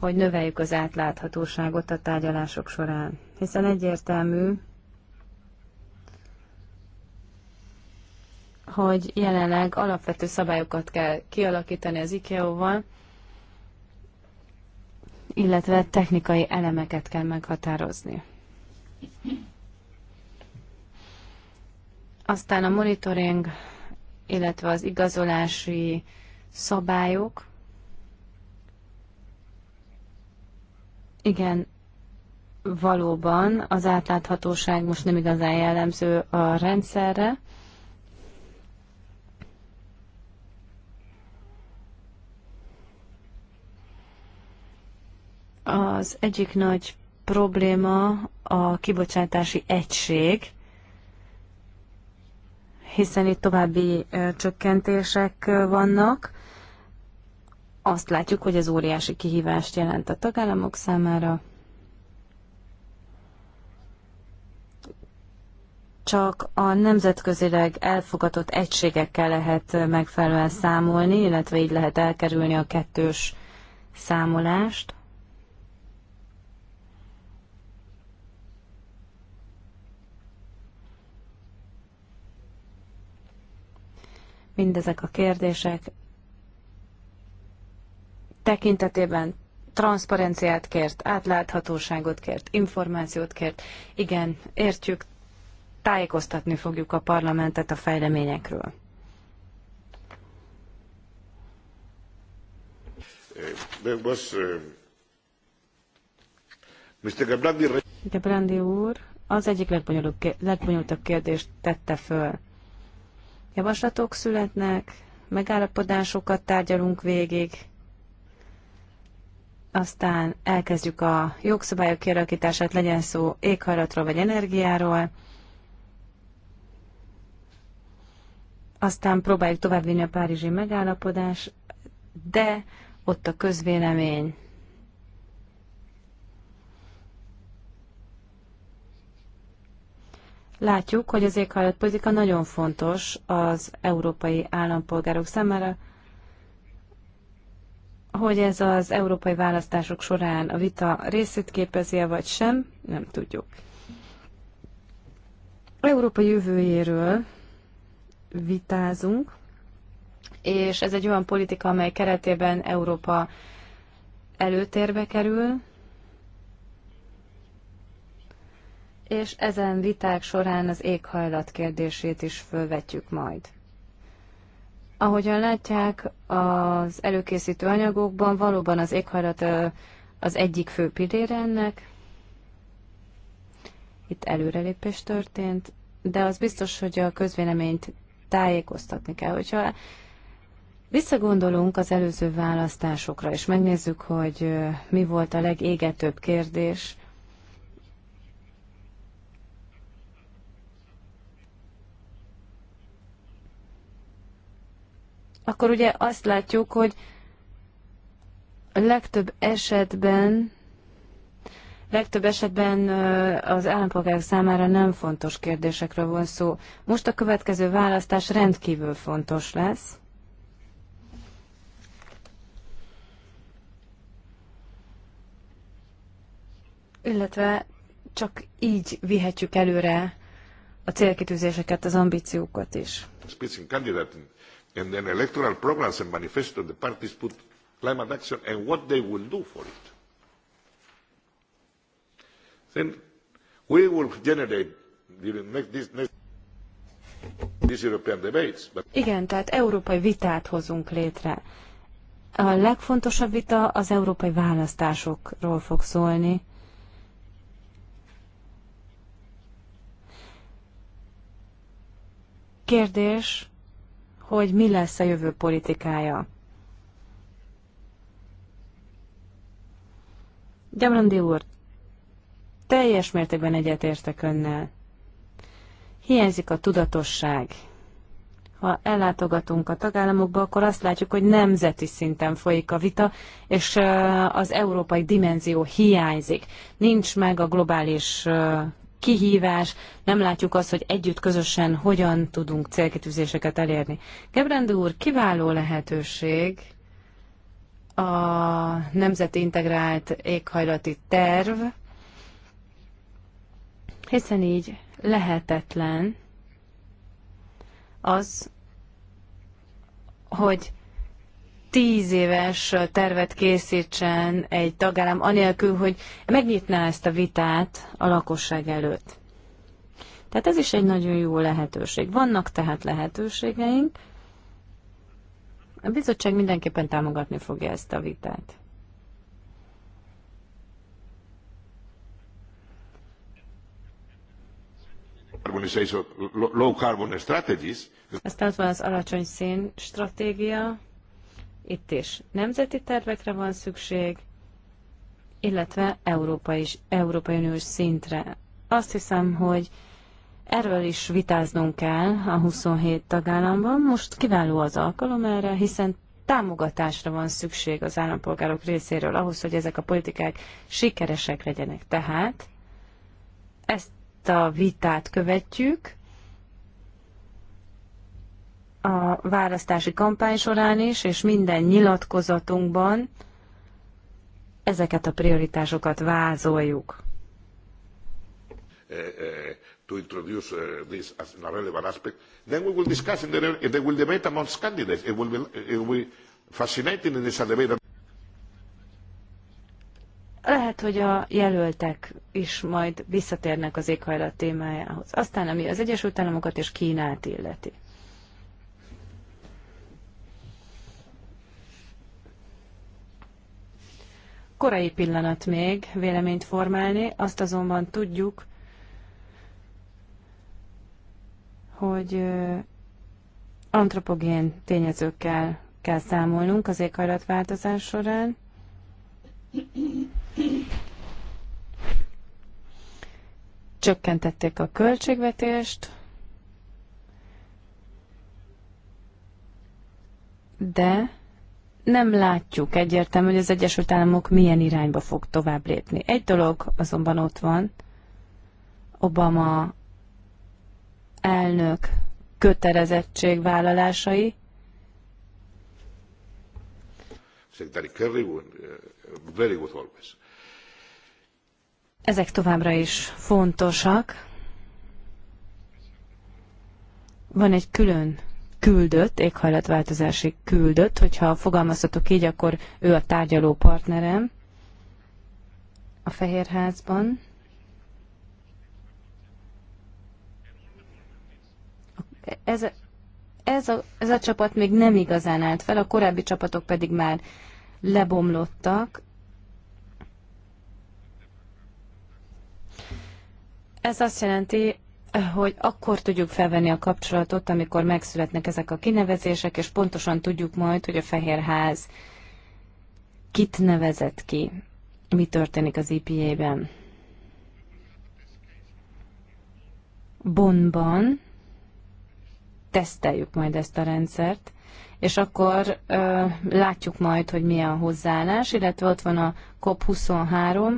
hogy növeljük az átláthatóságot a tárgyalások során. Hiszen egyértelmű, hogy jelenleg alapvető szabályokat kell kialakítani az IKEA-val, illetve technikai elemeket kell meghatározni. Aztán a monitoring, illetve az igazolási szabályok, Igen, valóban az átláthatóság most nem igazán jellemző a rendszerre. Az egyik nagy probléma a kibocsátási egység, hiszen itt további csökkentések vannak azt látjuk, hogy ez óriási kihívást jelent a tagállamok számára. Csak a nemzetközileg elfogadott egységekkel lehet megfelelően számolni, illetve így lehet elkerülni a kettős számolást. Mindezek a kérdések tekintetében transzparenciát kért, átláthatóságot kért, információt kért. Igen, értjük, tájékoztatni fogjuk a parlamentet a fejleményekről. Eh, eh, eh, There Mr. úr az egyik legbonyolultabb kérdést tette föl. Javaslatok születnek, megállapodásokat tárgyalunk végig, aztán elkezdjük a jogszabályok kialakítását, legyen szó éghajlatról vagy energiáról, aztán próbáljuk továbbvinni a párizsi megállapodás, de ott a közvélemény Látjuk, hogy az éghajlatpolitika nagyon fontos az európai állampolgárok számára, hogy ez az európai választások során a vita részét képezi -e, vagy sem, nem tudjuk. Európa jövőjéről vitázunk, és ez egy olyan politika, amely keretében Európa előtérbe kerül, és ezen viták során az éghajlat kérdését is fölvetjük majd. Ahogyan látják, az előkészítő anyagokban valóban az éghajlat az egyik fő pillére ennek. Itt előrelépés történt, de az biztos, hogy a közvéleményt tájékoztatni kell. Hogyha visszagondolunk az előző választásokra, és megnézzük, hogy mi volt a legégetőbb kérdés, akkor ugye azt látjuk, hogy a legtöbb esetben legtöbb esetben az állampolgárok számára nem fontos kérdésekről van szó. Most a következő választás rendkívül fontos lesz. Illetve csak így vihetjük előre a célkitűzéseket, az ambíciókat is. Spitzen kandidatin and then electoral programs and manifesto the parties put climate action and what they will do for it. Then we will generate during next, this, next, this European debates. But... Igen, tehát európai vitát hozunk létre. A legfontosabb vita az európai választásokról fog szólni. Kérdés, hogy mi lesz a jövő politikája. Gyamrandi úr, teljes mértékben egyetértek önnel. Hiányzik a tudatosság. Ha ellátogatunk a tagállamokba, akkor azt látjuk, hogy nemzeti szinten folyik a vita, és az európai dimenzió hiányzik. Nincs meg a globális kihívás, nem látjuk azt, hogy együtt közösen hogyan tudunk célkitűzéseket elérni. Gebrendi úr, kiváló lehetőség a Nemzeti Integrált Éghajlati Terv, hiszen így lehetetlen az, hogy tíz éves tervet készítsen egy tagállam, anélkül, hogy megnyitná ezt a vitát a lakosság előtt. Tehát ez is egy nagyon jó lehetőség. Vannak tehát lehetőségeink. A bizottság mindenképpen támogatni fogja ezt a vitát. Aztán ott van az alacsony szén stratégia, itt is nemzeti tervekre van szükség, illetve európai, európai Uniós szintre. Azt hiszem, hogy erről is vitáznunk kell a 27 tagállamban. Most kiváló az alkalom erre, hiszen támogatásra van szükség az állampolgárok részéről ahhoz, hogy ezek a politikák sikeresek legyenek. Tehát ezt a vitát követjük, a választási kampány során is, és minden nyilatkozatunkban ezeket a prioritásokat vázoljuk. Eh, eh, to introduce eh, this as a relevant aspect, then we will discuss in the, in the will debate amongst candidates. It will be, it will be fascinating in this debate. Lehet, hogy a jelöltek is majd visszatérnek az éghajlat témájához. Aztán, ami az Egyesült Államokat és Kínát illeti. korai pillanat még véleményt formálni, azt azonban tudjuk, hogy antropogén tényezőkkel kell számolnunk az éghajlatváltozás során. Csökkentették a költségvetést, de nem látjuk egyértelmű, hogy az Egyesült Államok milyen irányba fog tovább lépni. Egy dolog azonban ott van, Obama elnök kötelezettség vállalásai. Uh, Ezek továbbra is fontosak. Van egy külön küldött, éghajlatváltozási küldött, hogyha fogalmazhatok így, akkor ő a tárgyaló partnerem a Fehérházban. Ez, a, ez, a, ez a csapat még nem igazán állt fel, a korábbi csapatok pedig már lebomlottak. Ez azt jelenti, hogy akkor tudjuk felvenni a kapcsolatot, amikor megszületnek ezek a kinevezések, és pontosan tudjuk majd, hogy a fehér ház kit nevezett ki, mi történik az IPA-ben. Bonban teszteljük majd ezt a rendszert, és akkor ö, látjuk majd, hogy milyen hozzáállás, illetve ott van a COP23,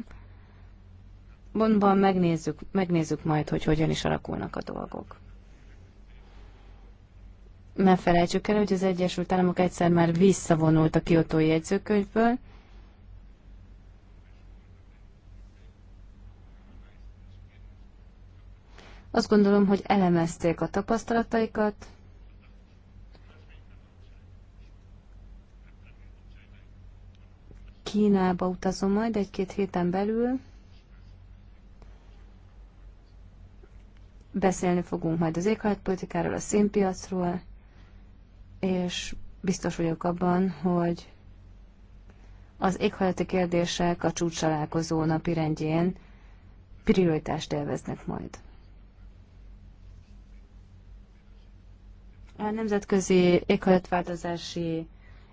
Bonban megnézzük, megnézzük majd, hogy hogyan is alakulnak a dolgok. Ne felejtsük el, hogy az Egyesült Államok egyszer már visszavonult a kiotói jegyzőkönyvből, Azt gondolom, hogy elemezték a tapasztalataikat, Kínába utazom majd egy-két héten belül. Beszélni fogunk majd az éghajlatpolitikáról, a színpiacról, és biztos vagyok abban, hogy az éghajlati kérdések a csúcs találkozó rendjén prioritást élveznek majd. A nemzetközi éghajlatváltozási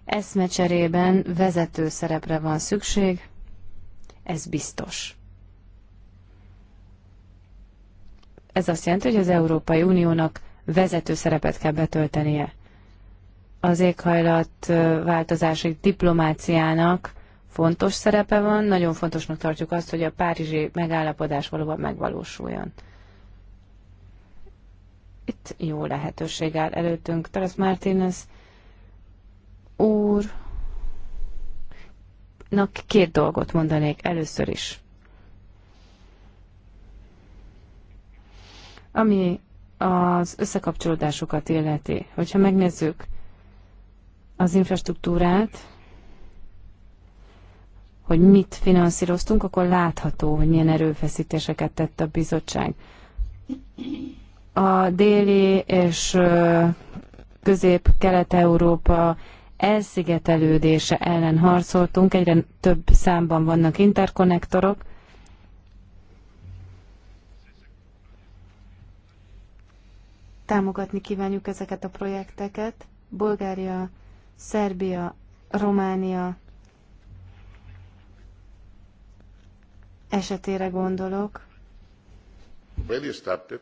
eszmecserében vezető szerepre van szükség, ez biztos. Ez azt jelenti, hogy az Európai Uniónak vezető szerepet kell betöltenie. Az éghajlat változási diplomáciának fontos szerepe van, nagyon fontosnak tartjuk azt, hogy a párizsi megállapodás valóban megvalósuljon. Itt jó lehetőség áll előttünk. Tarasz Martínez úrnak két dolgot mondanék először is. Ami az összekapcsolódásokat illeti, hogyha megnézzük az infrastruktúrát, hogy mit finanszíroztunk, akkor látható, hogy milyen erőfeszítéseket tett a bizottság. A déli és közép-kelet-európa elszigetelődése ellen harcoltunk, egyre több számban vannak interkonnektorok, Támogatni kívánjuk ezeket a projekteket. Bulgária, Szerbia, Románia esetére gondolok. Well started,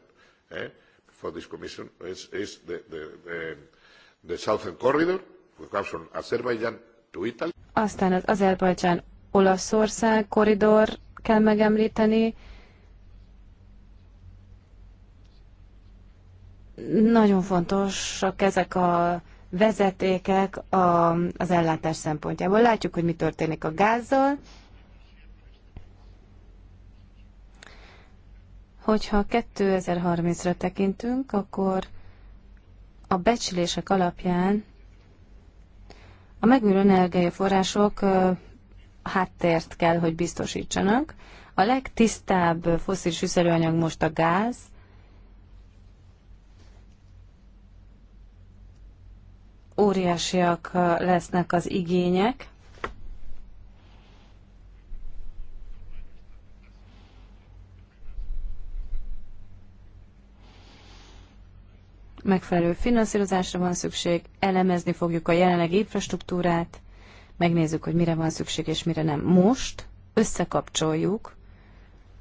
eh, for this commission is, is the, the, the, the Southern Corridor, we have from Azerbaijan to Italy. Aztán az Azerbajdzsán Olaszország korridor kell megemlíteni, Nagyon fontosak ezek a vezetékek a, az ellátás szempontjából. Látjuk, hogy mi történik a gázzal. Hogyha 2030-ra tekintünk, akkor a becslések alapján a megújuló energiaforrások háttért kell, hogy biztosítsanak. A legtisztább foszilis üzelőanyag most a gáz, óriásiak lesznek az igények. Megfelelő finanszírozásra van szükség, elemezni fogjuk a jelenlegi infrastruktúrát, megnézzük, hogy mire van szükség és mire nem. Most összekapcsoljuk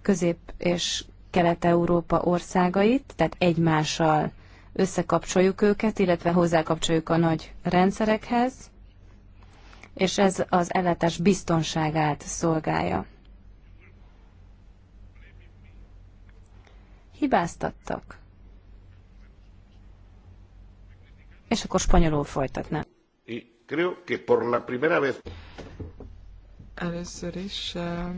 Közép- és Kelet-Európa országait, tehát egymással összekapcsoljuk őket, illetve hozzákapcsoljuk a nagy rendszerekhez, és ez az ellátás biztonságát szolgálja. Hibáztattak. És akkor spanyolul folytatná. Először is uh,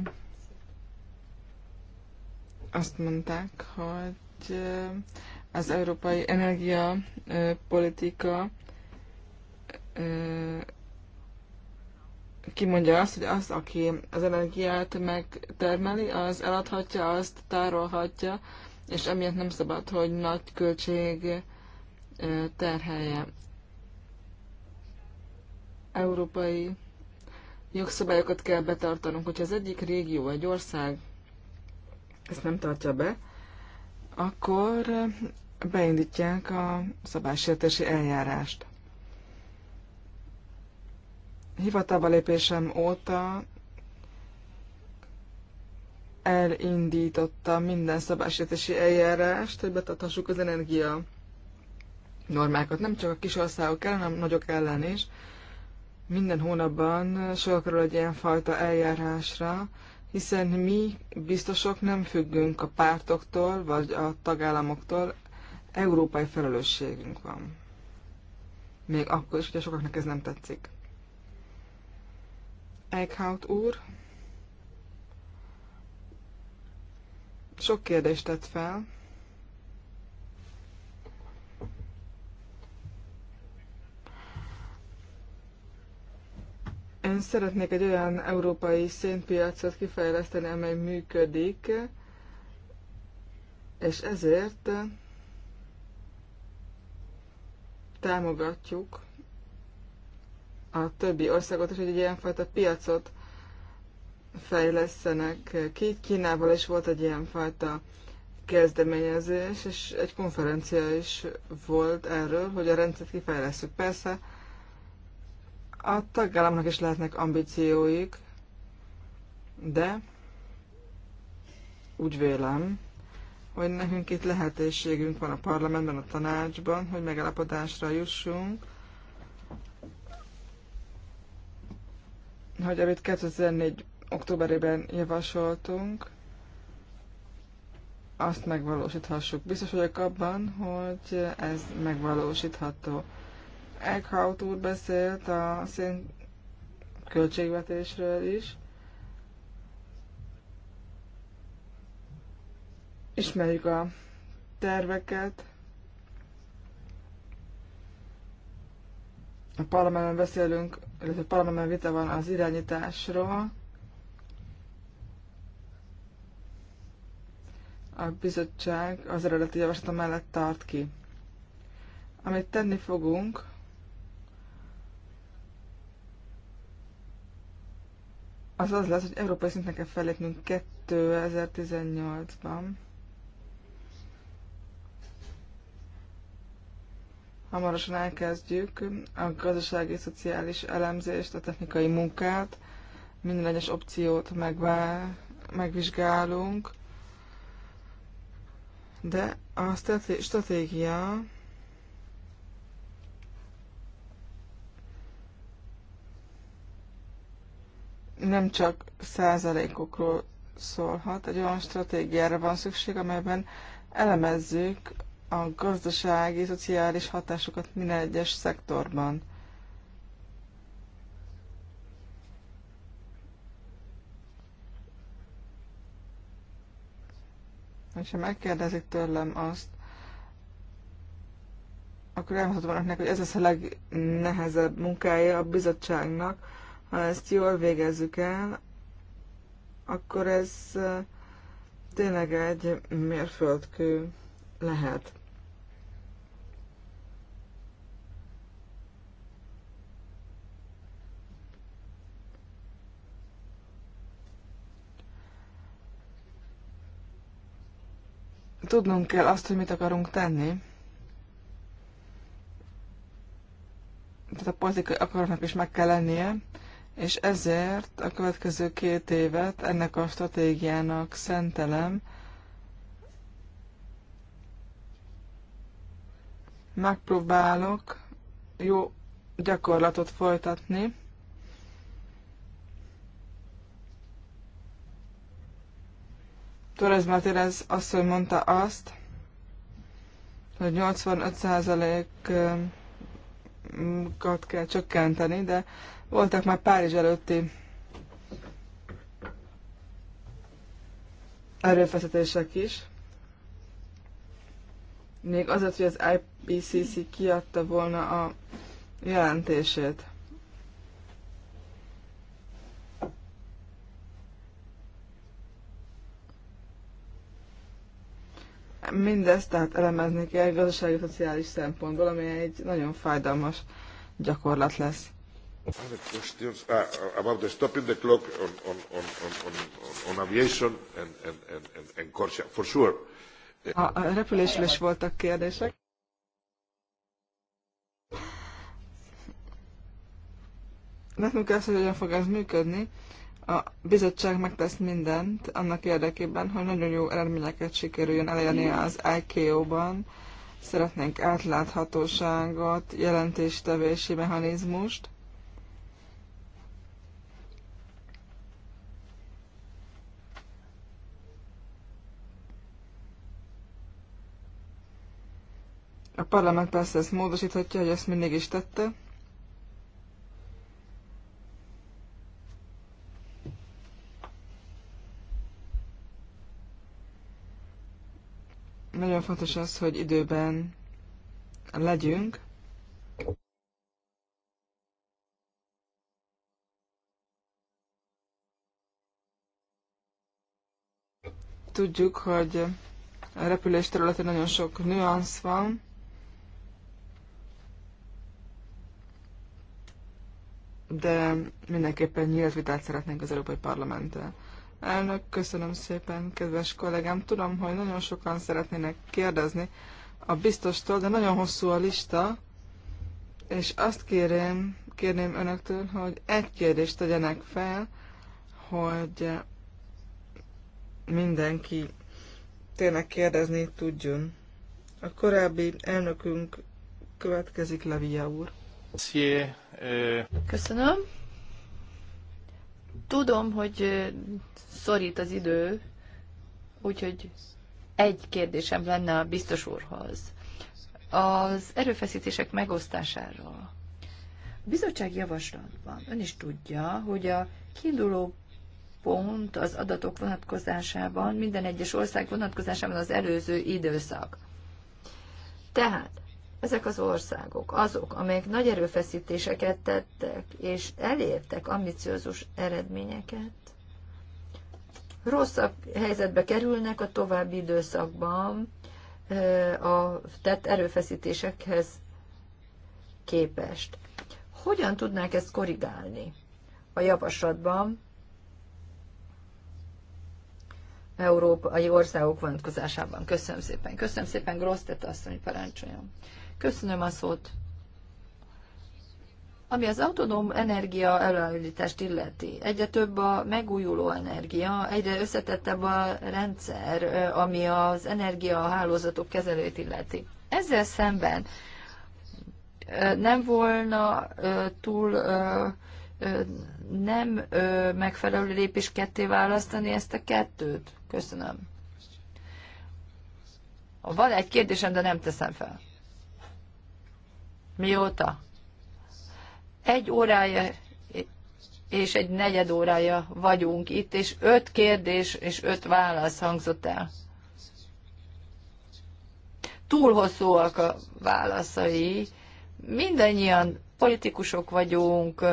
azt mondták, hogy uh, az európai energiapolitika kimondja azt, hogy az, aki az energiát megtermeli, az eladhatja, azt tárolhatja, és emiatt nem szabad, hogy nagy költség terhelje. Európai jogszabályokat kell betartanunk. Hogyha az egyik régió, egy ország ezt nem tartja be, akkor beindítják a szabálysértési eljárást. Hivatalba lépésem óta elindította minden szabálysértési eljárást, hogy betartassuk az energia normákat. Nem csak a kis országok ellen, hanem nagyok ellen is. Minden hónapban sor kerül egy ilyen fajta eljárásra, hiszen mi biztosok nem függünk a pártoktól vagy a tagállamoktól, európai felelősségünk van. Még akkor is, hogyha sokaknak ez nem tetszik. Eichhout úr sok kérdést tett fel. Én szeretnék egy olyan európai szénpiacot kifejleszteni, amely működik, és ezért támogatjuk a többi országot és hogy egy ilyenfajta piacot fejlesztenek ki. Kínával is volt egy ilyenfajta kezdeményezés, és egy konferencia is volt erről, hogy a rendszert kifejlesztjük. Persze a tagállamnak is lehetnek ambícióik, de úgy vélem, hogy nekünk itt lehetőségünk van a parlamentben, a tanácsban, hogy megállapodásra jussunk, hogy amit 2004 októberében javasoltunk, azt megvalósíthassuk. Biztos vagyok abban, hogy ez megvalósítható. Eckhout úr beszélt a szén költségvetésről is, Ismerjük a terveket. A parlamentben beszélünk, illetve a parlamentben vita van az irányításról. A bizottság az eredeti javaslata mellett tart ki. Amit tenni fogunk, az az lesz, hogy európai szintnek kell fellépnünk 2018-ban. Hamarosan elkezdjük a gazdasági szociális elemzést, a technikai munkát, minden egyes opciót megvá- megvizsgálunk, de a stratégia nem csak százalékokról szólhat, egy olyan stratégiára van szükség, amelyben elemezzük a gazdasági, szociális hatásokat minden egyes szektorban. És ha megkérdezik tőlem azt, akkor elmondhatom önöknek, hogy ez az a legnehezebb munkája a bizottságnak. Ha ezt jól végezzük el, akkor ez eh, tényleg egy mérföldkő lehet. Tudnunk kell azt, hogy mit akarunk tenni. Tehát a politikai akarnak is meg kell lennie, és ezért a következő két évet ennek a stratégiának szentelem, megpróbálok jó gyakorlatot folytatni. Torres Martínez hogy mondta azt, hogy 85%-ot kell csökkenteni, de voltak már Párizs előtti erőfeszítések is. Még azért, hogy az IPCC e kiadta volna a jelentését. Mindezt tehát elemezni kell gazdasági szociális szempontból, ami egy nagyon fájdalmas gyakorlat lesz. Other questions uh, uh, about the stopping the clock on, on, on, on, on, on aviation and, and, and, and, and For sure. A repülésről is voltak kérdések. nekünk kell hogy hogyan fog ez működni. A bizottság megtesz mindent annak érdekében, hogy nagyon jó eredményeket sikerüljön elérni az IKO-ban. Szeretnénk átláthatóságot, jelentéstevési mechanizmust, A parlament persze ezt módosíthatja, hogy ezt mindig is tette. Nagyon fontos az, hogy időben legyünk. Tudjuk, hogy a repülés területén nagyon sok nüansz van. de mindenképpen nyílt vitát szeretnénk az Európai Parlamenttel. Elnök, köszönöm szépen, kedves kollégám. Tudom, hogy nagyon sokan szeretnének kérdezni a biztostól, de nagyon hosszú a lista, és azt kérem, kérném önöktől, hogy egy kérdést tegyenek fel, hogy mindenki tényleg kérdezni tudjon. A korábbi elnökünk következik, Levia úr. Eh. Köszönöm. Tudom, hogy szorít az idő, úgyhogy egy kérdésem lenne a biztos úrhoz. Az erőfeszítések megosztásáról. A bizottság javaslatban ön is tudja, hogy a kiinduló pont az adatok vonatkozásában, minden egyes ország vonatkozásában az előző időszak. Tehát ezek az országok azok, amelyek nagy erőfeszítéseket tettek, és elértek ambiciózus eredményeket, rosszabb helyzetbe kerülnek a további időszakban a tett erőfeszítésekhez képest. Hogyan tudnák ezt korrigálni a javaslatban európai országok vonatkozásában? Köszönöm szépen. Köszönöm szépen, Grosztet asszony, parancsoljon. Köszönöm a szót. Ami az autonóm energia előállítást illeti, egyre több a megújuló energia, egyre összetettebb a rendszer, ami az energiahálózatok kezelőt illeti. Ezzel szemben nem volna túl nem megfelelő lépés ketté választani ezt a kettőt? Köszönöm. Van egy kérdésem, de nem teszem fel mióta egy órája és egy negyed órája vagyunk itt, és öt kérdés és öt válasz hangzott el. Túl hosszúak a válaszai, mindannyian politikusok vagyunk,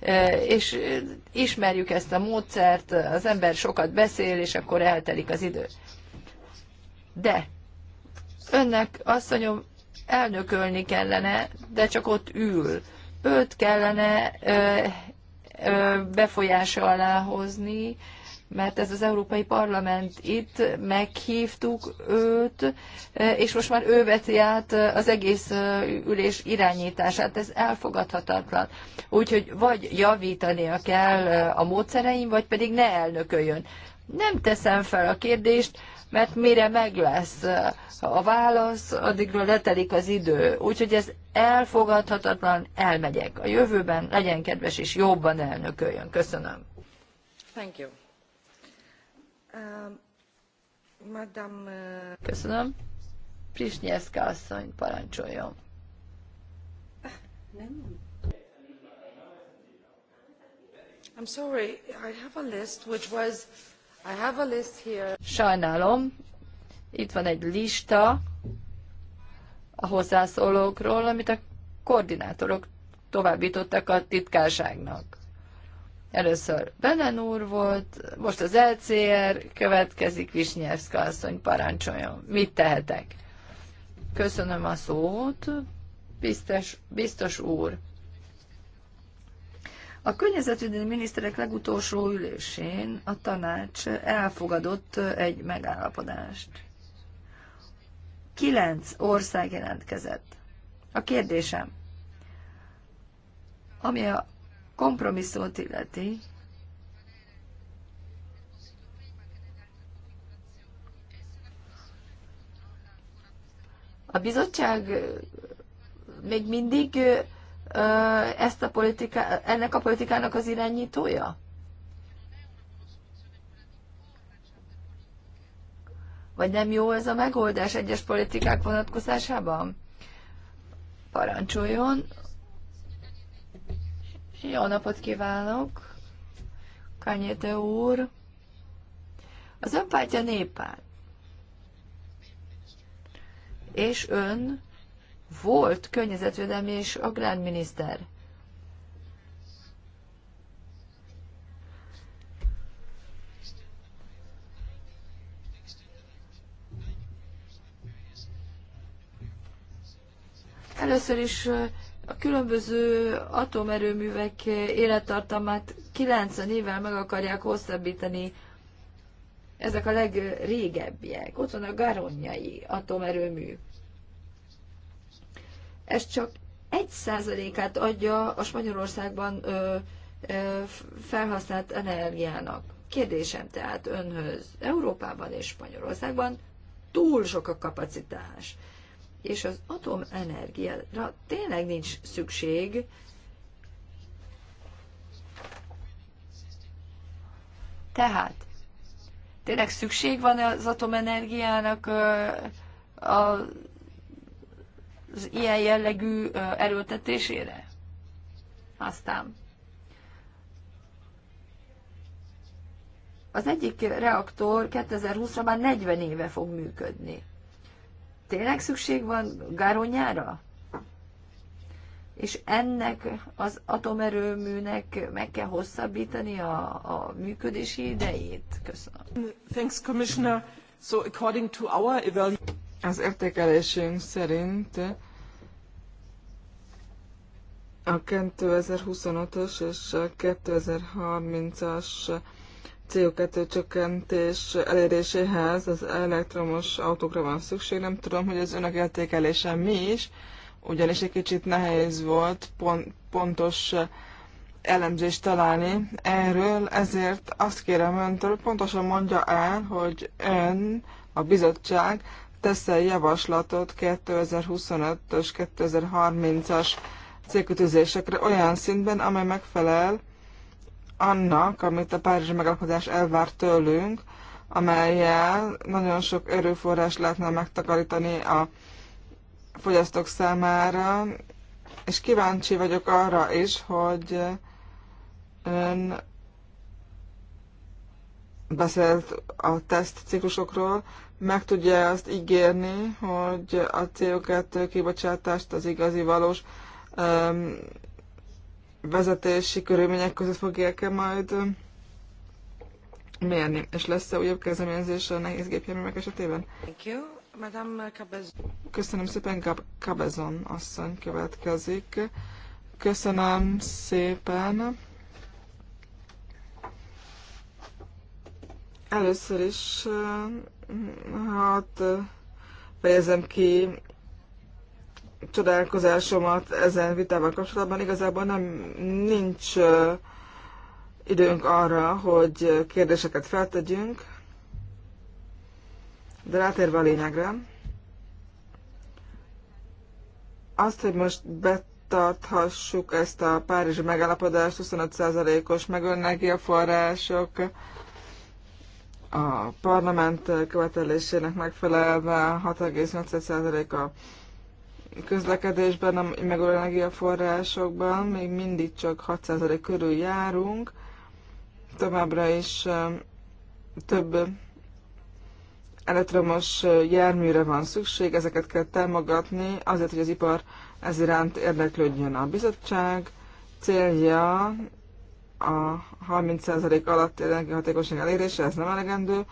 e, és ismerjük ezt a módszert, az ember sokat beszél, és akkor eltelik az idő. De önnek, asszonyom, elnökölni kellene, de csak ott ül. Őt kellene ö, ö, befolyása alá hozni, mert ez az Európai Parlament itt, meghívtuk őt, és most már ő veti át az egész ülés irányítását, ez elfogadhatatlan. Úgyhogy vagy javítania kell a módszereim, vagy pedig ne elnököljön. Nem teszem fel a kérdést, mert mire meg lesz eh, a válasz, addigra letelik az idő. Úgyhogy ez elfogadhatatlan, elmegyek. A jövőben legyen kedves és jobban elnököljön. Köszönöm. Thank you. Um, Madame... Uh, Köszönöm. Prisnyeszka asszony, parancsoljon. Nem. I'm sorry, I have a list which was Sajnálom, itt van egy lista a hozzászólókról, amit a koordinátorok továbbítottak a titkárságnak. Először Benen úr volt, most az LCR, következik Visnyevszka asszony, parancsoljon. Mit tehetek? Köszönöm a szót, biztos, biztos úr. A környezetvédelmi miniszterek legutolsó ülésén a tanács elfogadott egy megállapodást. Kilenc ország jelentkezett. A kérdésem, ami a kompromisszót illeti, a bizottság még mindig ezt a politika, ennek a politikának az irányítója? Vagy nem jó ez a megoldás egyes politikák vonatkozásában? Parancsoljon. Jó napot kívánok, Kanyete úr. Az önpártja néppárt. És ön volt környezetvédelmi és agrárminiszter. Először is a különböző atomerőművek élettartamát 90 évvel meg akarják hosszabbítani. Ezek a legrégebbiek. Ott van a Garonnyai atomerőmű ez csak egy százalékát adja a Spanyolországban ö, ö, felhasznált energiának. Kérdésem tehát önhöz, Európában és Spanyolországban túl sok a kapacitás, és az atomenergiára tényleg nincs szükség, Tehát, tényleg szükség van az atomenergiának a az ilyen jellegű erőltetésére? Aztán az egyik reaktor 2020-ra már 40 éve fog működni. Tényleg szükség van gáronyára? És ennek az atomerőműnek meg kell hosszabbítani a, a működési idejét? Köszönöm. Thanks, Commissioner. So according to our evaluation... Az értékelésünk szerint a 2025-ös és a 2030-as CO2 csökkentés eléréséhez az elektromos autókra van szükség. Nem tudom, hogy az önök értékelése mi is, ugyanis egy kicsit nehéz volt pont, pontos elemzést találni erről, ezért azt kérem öntől, pontosan mondja el, hogy ön, a bizottság tesz egy javaslatot 2025-ös, 2030-as célkötőzésekre olyan szintben, amely megfelel annak, amit a Párizsi megalapodás elvár tőlünk, amelyel nagyon sok erőforrás lehetne megtakarítani a fogyasztók számára, és kíváncsi vagyok arra is, hogy ön beszélt a tesztciklusokról, meg tudja azt ígérni, hogy a CO2 kibocsátást az igazi valós um, vezetési körülmények között fogják-e majd mérni? És lesz-e újabb kezdeményezés a nehéz gépjárművek esetében? Thank you. Madame Cabezon. Köszönöm szépen, Gab- Cabezon asszony következik. Köszönöm szépen. Először is hát fejezem ki csodálkozásomat ezen vitával kapcsolatban. Igazából nem nincs időnk arra, hogy kérdéseket feltegyünk, de rátérve a lényegre, azt, hogy most betarthassuk ezt a Párizsi megállapodást, 25%-os a források a parlament követelésének megfelelve 6,8%-a közlekedésben, a megújuló energiaforrásokban még mindig csak 6% körül járunk. Továbbra is több elektromos járműre van szükség, ezeket kell támogatni azért, hogy az ipar ez iránt érdeklődjön a bizottság. Célja a 30% alatti energiahatékonyság elérése, ez nem elegendő.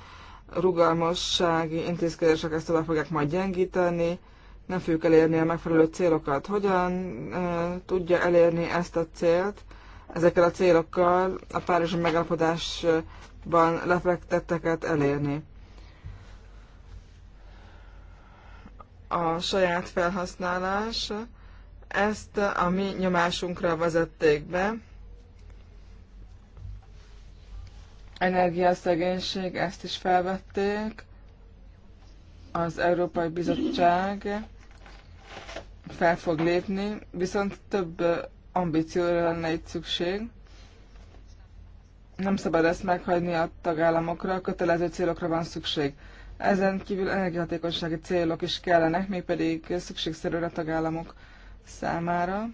Rugalmassági intézkedések ezt tovább fogják majd gyengíteni, nem fogjuk elérni a megfelelő célokat. Hogyan e, tudja elérni ezt a célt? Ezekkel a célokkal a Párizsi megállapodásban lefektetteket elérni. A saját felhasználás ezt a mi nyomásunkra vezették be, energiaszegénység, ezt is felvették. Az Európai Bizottság fel fog lépni, viszont több ambícióra lenne itt szükség. Nem szabad ezt meghagyni a tagállamokra, a kötelező célokra van szükség. Ezen kívül energiahatékonysági célok is kellenek, mégpedig szükségszerűen a tagállamok számára.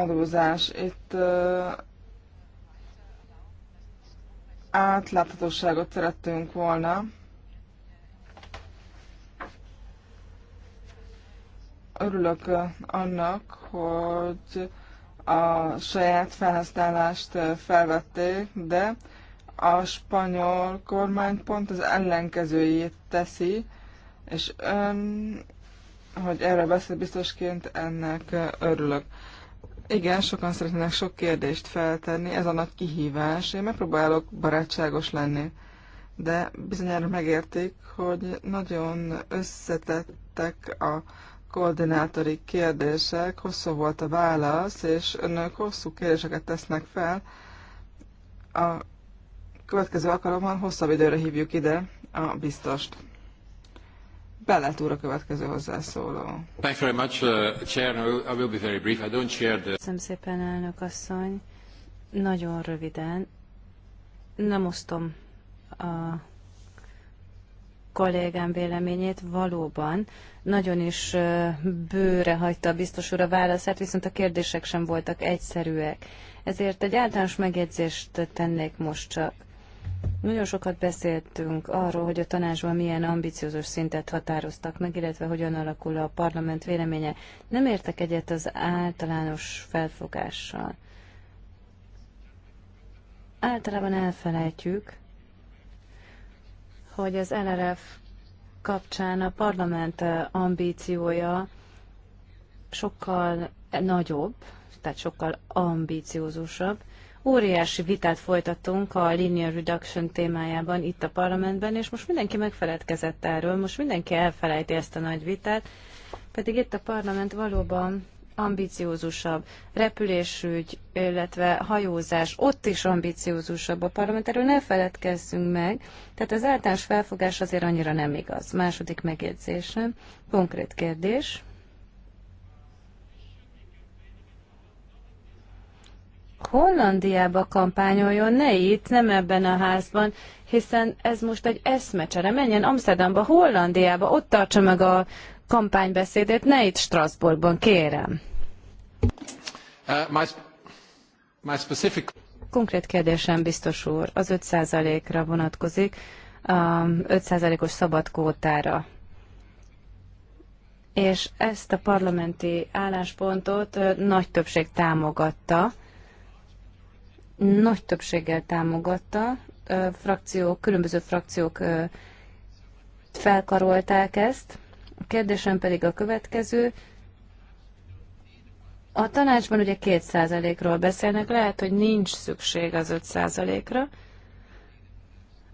adózás. Itt átláthatóságot szerettünk volna. Örülök annak, hogy a saját felhasználást felvették, de a spanyol kormány pont az ellenkezőjét teszi, és ön, hogy erre beszél biztosként, ennek örülök. Igen, sokan szeretnének sok kérdést feltenni, ez a nagy kihívás. Én megpróbálok barátságos lenni, de bizonyára megértik, hogy nagyon összetettek a koordinátori kérdések, hosszú volt a válasz, és önök hosszú kérdéseket tesznek fel. A következő alkalommal hosszabb időre hívjuk ide a biztost. Bellet úr a következő hozzászóló. very much, uh, Chair. I will be very brief. I don't share the... Köszönöm szépen, elnök asszony. Nagyon röviden. Nem osztom a kollégám véleményét valóban nagyon is bőre hagyta a biztos úr a válaszát, viszont a kérdések sem voltak egyszerűek. Ezért egy általános megjegyzést tennék most csak. Nagyon sokat beszéltünk arról, hogy a tanácsban milyen ambiciózus szintet határoztak meg, illetve hogyan alakul a parlament véleménye. Nem értek egyet az általános felfogással. Általában elfelejtjük, hogy az LRF kapcsán a parlament ambíciója sokkal nagyobb, tehát sokkal ambíciózusabb, Óriási vitát folytattunk a linear reduction témájában itt a parlamentben, és most mindenki megfeledkezett erről, most mindenki elfelejti ezt a nagy vitát, pedig itt a parlament valóban ambiciózusabb repülésügy, illetve hajózás, ott is ambiciózusabb a parlament, erről ne feledkezzünk meg. Tehát az általános felfogás azért annyira nem igaz. Második megjegyzésem, konkrét kérdés. Hollandiába kampányoljon, ne itt, nem ebben a házban, hiszen ez most egy eszmecsere. Menjen Amsterdamba, Hollandiába, ott tartsa meg a kampánybeszédét, ne itt Strasbourgban, kérem. Uh, my, my specific... Konkrét kérdésem, biztos úr, az 5%-ra vonatkozik, a 5%-os szabad kótára és ezt a parlamenti álláspontot nagy többség támogatta nagy többséggel támogatta, frakciók, különböző frakciók felkarolták ezt. A kérdésem pedig a következő. A tanácsban ugye két százalékról beszélnek, lehet, hogy nincs szükség az 5%-ra,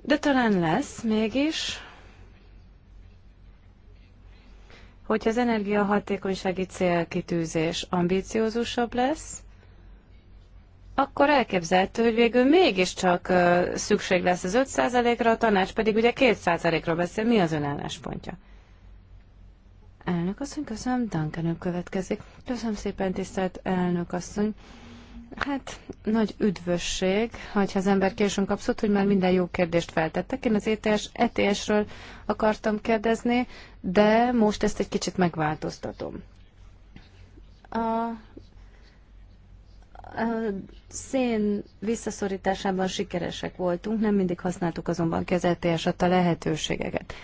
de talán lesz mégis. Hogyha az energiahatékonysági célkitűzés ambíciózusabb lesz, akkor elképzelhető, hogy végül mégiscsak szükség lesz az 5%-ra, a tanács pedig ugye 2 ra beszél. Mi az ön álláspontja? Elnök asszony, köszönöm. Duncan következik. Köszönöm szépen, tisztelt elnök asszony. Hát, nagy üdvösség, hogyha az ember későn kapszott, hogy már minden jó kérdést feltettek. Én az ETS, ETS-ről akartam kérdezni, de most ezt egy kicsit megváltoztatom. A szén visszaszorításában sikeresek voltunk, nem mindig használtuk azonban ki e a lehetőségeket.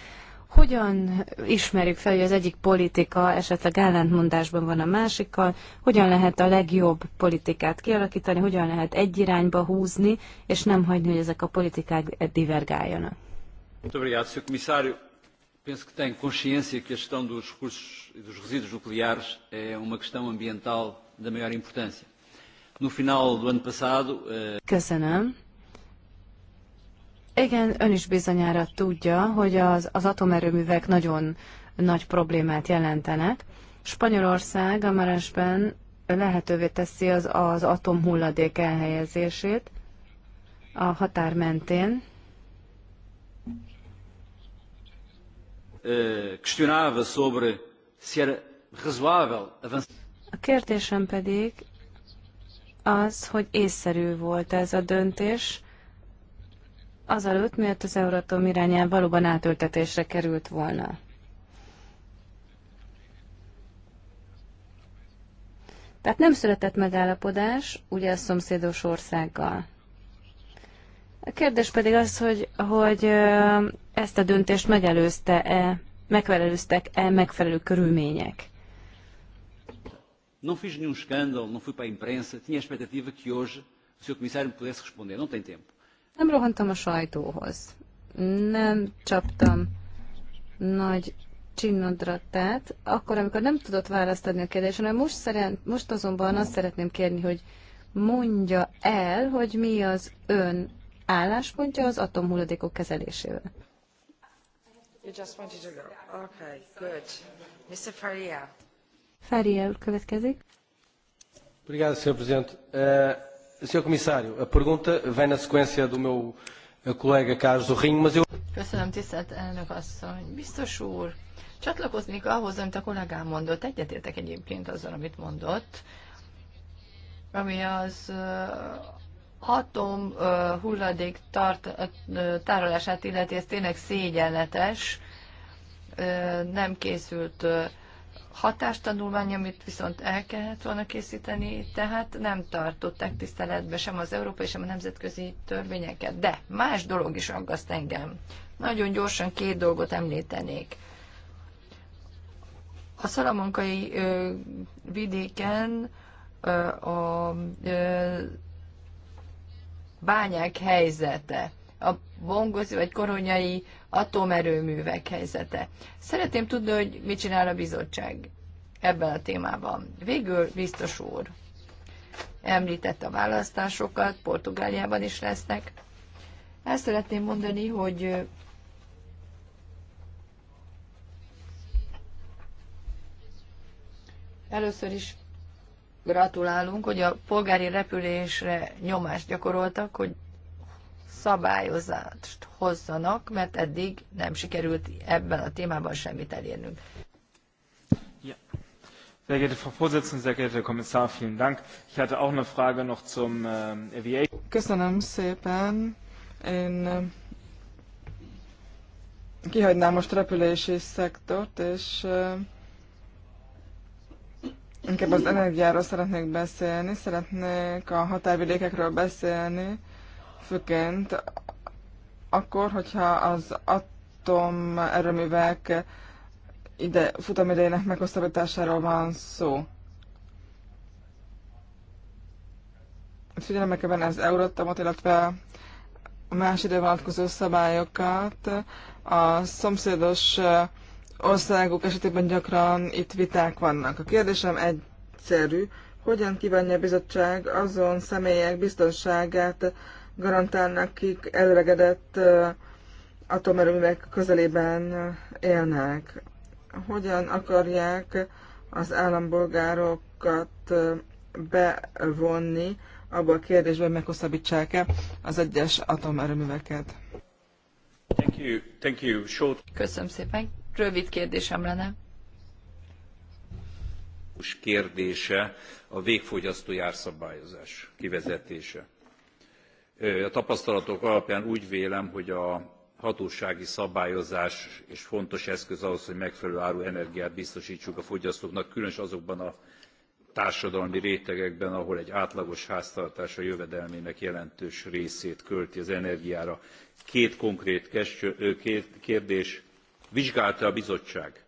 Hogyan ismerjük fel, hogy az egyik politika esetleg ellentmondásban van a másikkal, hogyan lehet a legjobb politikát kialakítani, hogyan lehet egy irányba húzni, és nem hagyni, hogy ezek a politikák divergáljanak? Penso que tem consciência que a questão dos recursos e dos resíduos nucleares é uma questão ambiental da maior importância no final do ano passado... Eh, Köszönöm. Igen, ön is bizonyára tudja, hogy az, az atomerőművek nagyon nagy problémát jelentenek. Spanyolország a Maresben lehetővé teszi az, az atomhulladék elhelyezését a határ mentén. Eh, a kérdésem pedig az, hogy észszerű volt ez a döntés, azelőtt, miért az Euratom irányán valóban átöltetésre került volna. Tehát nem született megállapodás, ugye a szomszédos országgal. A kérdés pedig az, hogy, hogy ezt a döntést megelőzte-e, megfelelőztek-e megfelelő körülmények. Não fiz nenhum escândalo, não fui para a imprensa, tinha a expectativa que hoje o Sr. Comissário me pudesse responder. Não tem tempo. Nem rohantam a sajtóhoz. Nem csaptam nagy csinnodra tett, akkor, amikor nem tudott választ adni a kérdésre, most, szerint, most azonban azt szeretném kérni, hogy mondja el, hogy mi az ön álláspontja az atomhulladékok kezelésével. You just wanted to go. Okay, good. Mr. Faria. Feria következik. Obrigado, Sr. Presidente. Uh, eh, Sr. Comissário, a pergunta vem na sequência do meu kollega eh, Carlos Ring, mas eu... Köszönöm, tisztelt elnök asszony. Biztos úr, csatlakoznék ahhoz, amit a kollégám mondott. Egyetértek egyébként azzal, amit mondott, ami az eh, atom hulladék tart, tárolását illeti, ez tényleg szégyenletes, nem készült hatástanulmány, amit viszont el kellett volna készíteni, tehát nem tartották tiszteletbe sem az európai, sem a nemzetközi törvényeket. De más dolog is aggaszt engem. Nagyon gyorsan két dolgot említenék. A szalamonkai ö, vidéken ö, a ö, bányák helyzete, a bongozi vagy koronyai atomerőművek helyzete. Szeretném tudni, hogy mit csinál a bizottság ebben a témában. Végül biztos úr említett a választásokat, Portugáliában is lesznek. El szeretném mondani, hogy először is gratulálunk, hogy a polgári repülésre nyomást gyakoroltak, hogy szabályozást hozzanak, mert eddig nem sikerült ebben a témában semmit elérnünk. Ja. Sehr geehrte Frau Vorsitzende, sehr geehrter Herr Kommissar, vielen Dank. Ich hatte auch eine Frage noch zum äh, Aviation. Köszönöm szépen. Én äh, kihagynám most a repülési szektort, és uh, inkább az energiáról szeretnék beszélni, szeretnék a határvidékekről beszélni, főként akkor, hogyha az atom erőművek ide, futamidejének meghosszabbításáról van szó. Figyelemek ebben az Eurotomot, illetve más ide vonatkozó szabályokat. A szomszédos országok esetében gyakran itt viták vannak. A kérdésem egyszerű, hogyan kívánja a bizottság azon személyek biztonságát garantál nekik elregedett atomerőművek közelében élnek. Hogyan akarják az állampolgárokat bevonni abba a kérdésbe, hogy meghosszabbítsák-e az egyes atomerőműveket? Thank you. Thank you. Short... Köszönöm szépen. Rövid kérdésem lenne kérdése a végfogyasztói járszabályozás kivezetése a tapasztalatok alapján úgy vélem hogy a hatósági szabályozás is fontos eszköz ahhoz hogy megfelelő áru energiát biztostsunk a fogyasztóknak különösen azokban a társadalmi rétegekben ahol egy átlagos háztartás a jövedelmének jelentős részét költi az energiára. két konkrét kérdés vizsgálta a bizottság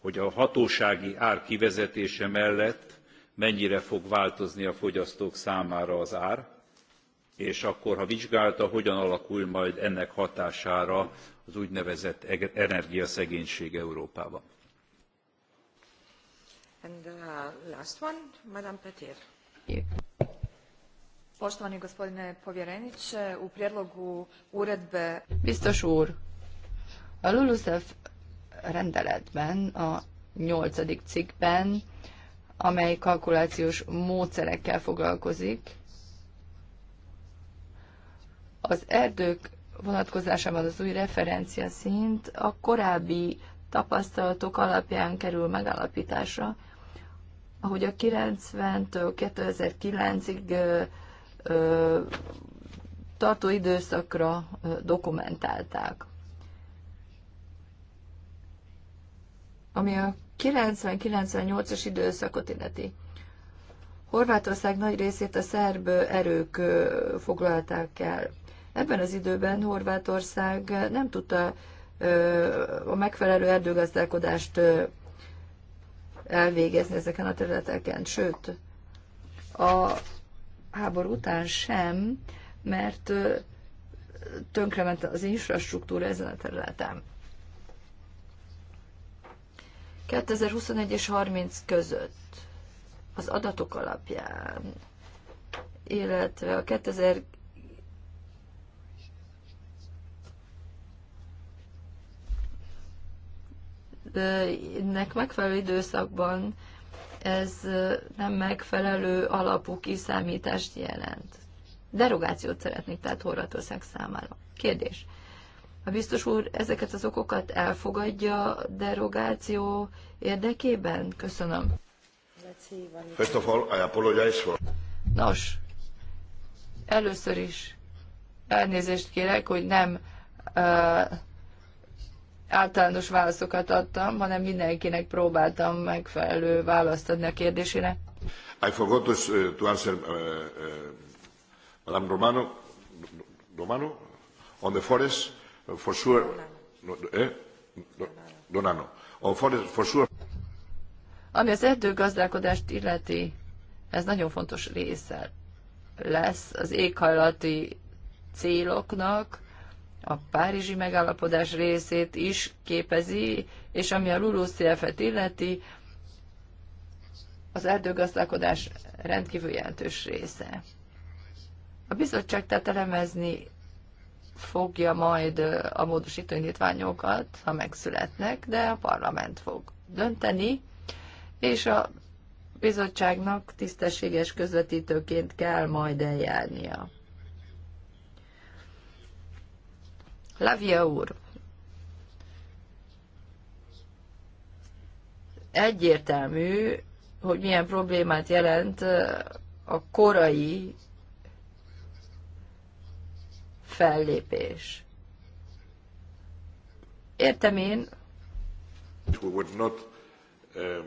hogy a hatósági ár kivezetése mellett mennyire fog változni a fogyasztók számára az ár? és akkor ha vizsgálta, hogyan alakul majd ennek hatására az úgynevezett energiaszegénység Európában. And the uh, last one, Madame Petir. Poštovani gospodine povjereniče, u prijedlogu uredbe... Biztos úr, a LULUSZEF rendeletben, a nyolcadik cikkben, amely kalkulációs módszerekkel foglalkozik, az erdők vonatkozásában az új referencia szint a korábbi tapasztalatok alapján kerül megállapításra, ahogy a 90-től 2009-ig tartó időszakra dokumentálták. Ami a 90-98-as időszakot illeti. Horvátország nagy részét a szerb erők foglalták el. Ebben az időben Horvátország nem tudta a megfelelő erdőgazdálkodást elvégezni ezeken a területeken, sőt, a háború után sem, mert tönkrement az infrastruktúra ezen a területen. 2021 és 30 között az adatok alapján, illetve a 2000 nek megfelelő időszakban ez nem megfelelő alapú kiszámítást jelent. Derogációt szeretnék tehát Horvátország számára. Kérdés. A biztos úr ezeket az okokat elfogadja derogáció érdekében? Köszönöm. First of all, I apologize for... Nos, először is elnézést kérek, hogy nem uh, általános válaszokat adtam, hanem mindenkinek próbáltam megfelelő választ adni a kérdésére. I forgot to, eh, to answer uh, uh, Madame Romano, Romano on the forest for sure. No, eh? No, Donano. On forest for sure. Ami az erdőgazdálkodást illeti, ez nagyon fontos része lesz az éghajlati céloknak, a Párizsi megállapodás részét is képezi, és ami a LULUCF-et illeti, az erdőgazdálkodás rendkívül jelentős része. A bizottság tehát elemezni fogja majd a módosító indítványokat, ha megszületnek, de a parlament fog dönteni, és a bizottságnak tisztességes közvetítőként kell majd eljárnia. Lavia úr, egyértelmű, hogy milyen problémát jelent a korai fellépés. Értem én. We would not, um, uh,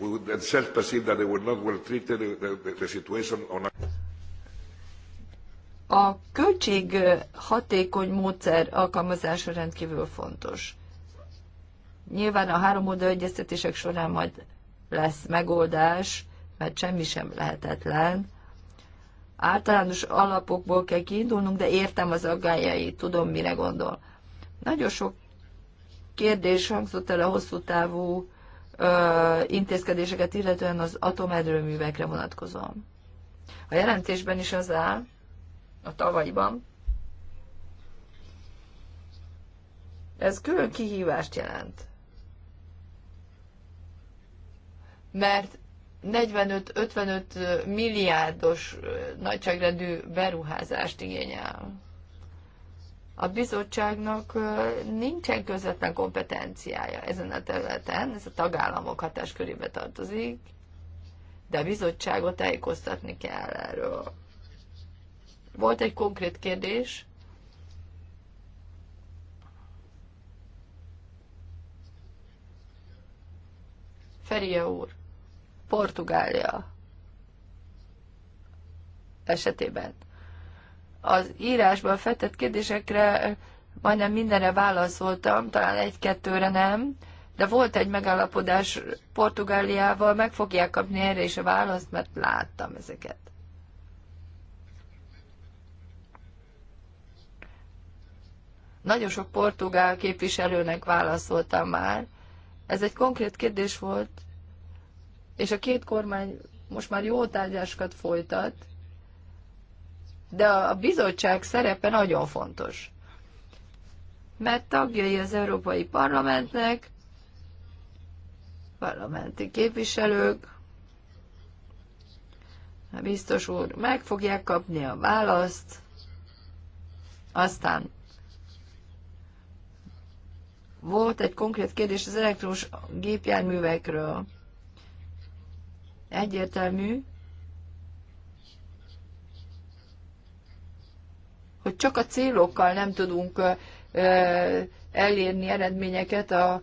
we would self perceive that they were not well treated the, the, the situation on. a... A költség hatékony módszer alkalmazása rendkívül fontos. Nyilván a három oda egyeztetések során majd lesz megoldás, mert semmi sem lehetetlen. Általános alapokból kell kiindulnunk, de értem az aggájait, tudom, mire gondol. Nagyon sok kérdés hangzott el a hosszú távú ö, intézkedéseket, illetően az atomerőművekre vonatkozóan. A jelentésben is az áll, a tavalyban. Ez külön kihívást jelent. Mert 45-55 milliárdos nagyságrendű beruházást igényel. A bizottságnak nincsen közvetlen kompetenciája ezen a területen, ez a tagállamok hatáskörébe tartozik, de a bizottságot tájékoztatni kell erről. Volt egy konkrét kérdés. Feria úr, Portugália esetében. Az írásban feltett kérdésekre majdnem mindenre válaszoltam, talán egy-kettőre nem, de volt egy megállapodás Portugáliával, meg fogják kapni erre is a választ, mert láttam ezeket. Nagyon sok portugál képviselőnek válaszoltam már. Ez egy konkrét kérdés volt, és a két kormány most már jó tárgyásokat folytat, de a bizottság szerepe nagyon fontos. Mert tagjai az Európai Parlamentnek, parlamenti képviselők, biztos úr, meg fogják kapni a választ, aztán volt egy konkrét kérdés az elektromos gépjárművekről. Egyértelmű, hogy csak a célokkal nem tudunk elérni eredményeket a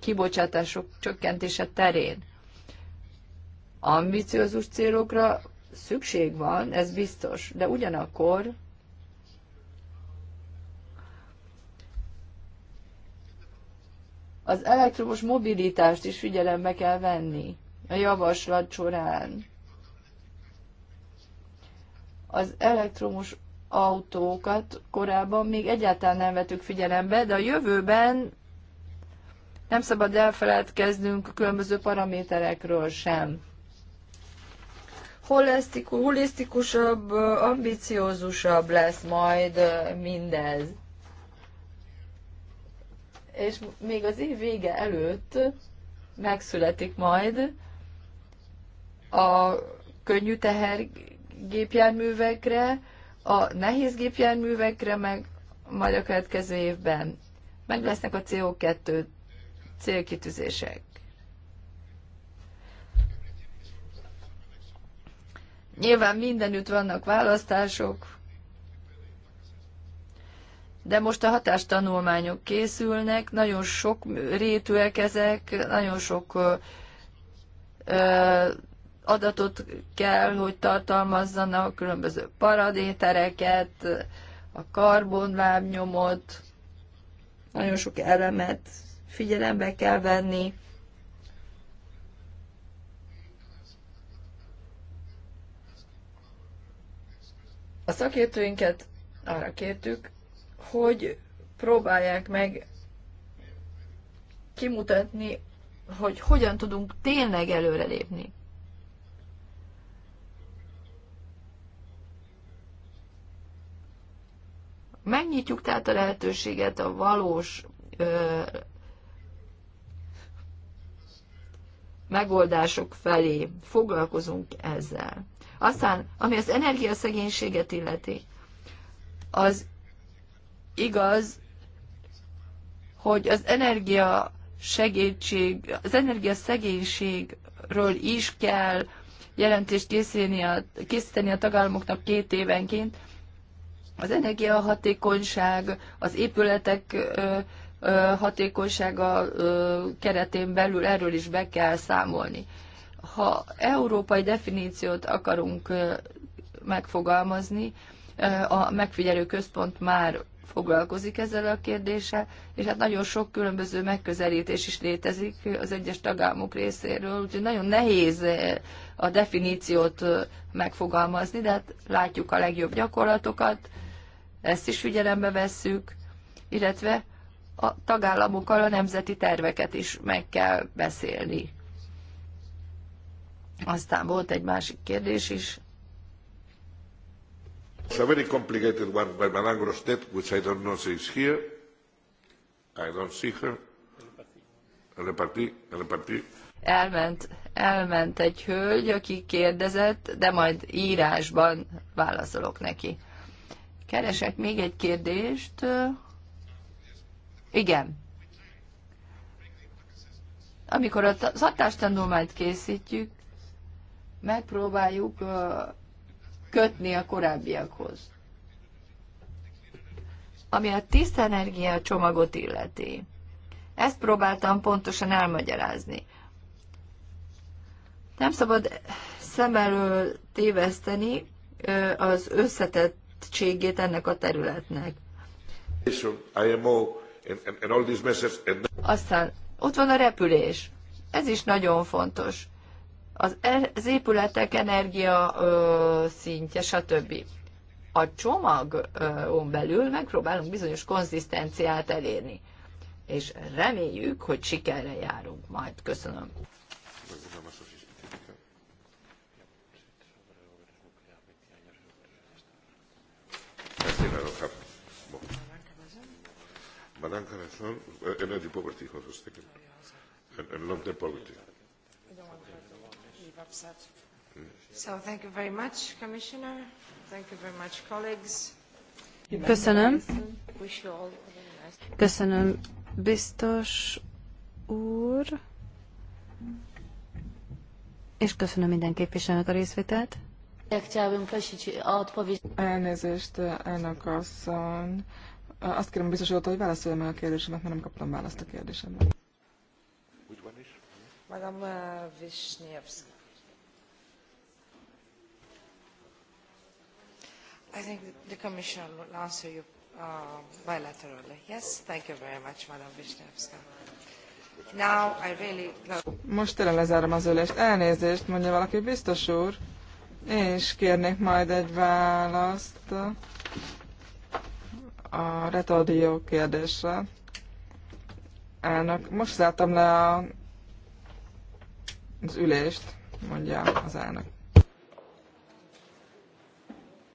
kibocsátások csökkentése terén. Ambiciózus célokra szükség van, ez biztos, de ugyanakkor az elektromos mobilitást is figyelembe kell venni a javaslat során. Az elektromos autókat korábban még egyáltalán nem vettük figyelembe, de a jövőben nem szabad elfeledkeznünk a különböző paraméterekről sem. Holisztikusabb, ambiciózusabb lesz majd mindez és még az év vége előtt megszületik majd a könnyű tehergépjárművekre, a nehéz gépjárművekre, meg majd a következő évben meg lesznek a CO2 célkitűzések. Nyilván mindenütt vannak választások, de most a hatástanulmányok készülnek, nagyon sok rétűek ezek, nagyon sok adatot kell, hogy tartalmazzanak, a különböző paradétereket, a karbonlábnyomot, nagyon sok elemet figyelembe kell venni. A szakértőinket arra kértük, hogy próbálják meg kimutatni, hogy hogyan tudunk tényleg előrelépni. Megnyitjuk tehát a lehetőséget a valós ö, megoldások felé, foglalkozunk ezzel. Aztán, ami az energiaszegénységet illeti, az igaz, hogy az energia segítség, az energia szegénységről is kell jelentést készíteni a, készíteni a tagállamoknak két évenként. Az energiahatékonyság, az épületek ö, ö, hatékonysága ö, keretén belül erről is be kell számolni. Ha európai definíciót akarunk megfogalmazni, a megfigyelő központ már foglalkozik ezzel a kérdéssel, és hát nagyon sok különböző megközelítés is létezik az egyes tagállamok részéről, úgyhogy nagyon nehéz a definíciót megfogalmazni, de hát látjuk a legjobb gyakorlatokat, ezt is figyelembe vesszük, illetve a tagállamokkal a nemzeti terveket is meg kell beszélni. Aztán volt egy másik kérdés is, It's a very complicated one by Madame Grostet, which I don't know if she's here. I don't see her. Reparti, reparti. Elment, elment egy hölgy, aki kérdezett, de majd írásban válaszolok neki. Keresek még egy kérdést. Igen. Amikor a hatástanulmányt készítjük, megpróbáljuk kötni a korábbiakhoz. Ami a tiszta energia csomagot illeti. Ezt próbáltam pontosan elmagyarázni. Nem szabad szem elől téveszteni az összetettségét ennek a területnek. Aztán ott van a repülés. Ez is nagyon fontos az, az épületek energia ö, szintje, stb. A csomagon belül megpróbálunk bizonyos konzisztenciát elérni, és reméljük, hogy sikerre járunk majd. Köszönöm. Madame Carazón, energy poverty, en long term poverty upset. So thank you very much, Commissioner. Thank you very much, colleagues. Köszönöm. Köszönöm, biztos úr. És köszönöm minden képviselőnek a részvételt. Elnézést, elnök asszony. Azt kérem biztos úr, hogy válaszolja meg a kérdésemet, mert nem kaptam választ a kérdésemre. Magam Wisniewska. I think the Commission will answer you uh, bilaterally. Yes, thank you very much, Madam Now I really... Most tényleg lezárom az ülést. Elnézést, mondja valaki, biztos úr. Én is kérnék majd egy választ a retardió kérdésre. Elnök, most zártam le a, az ülést, mondja az elnök.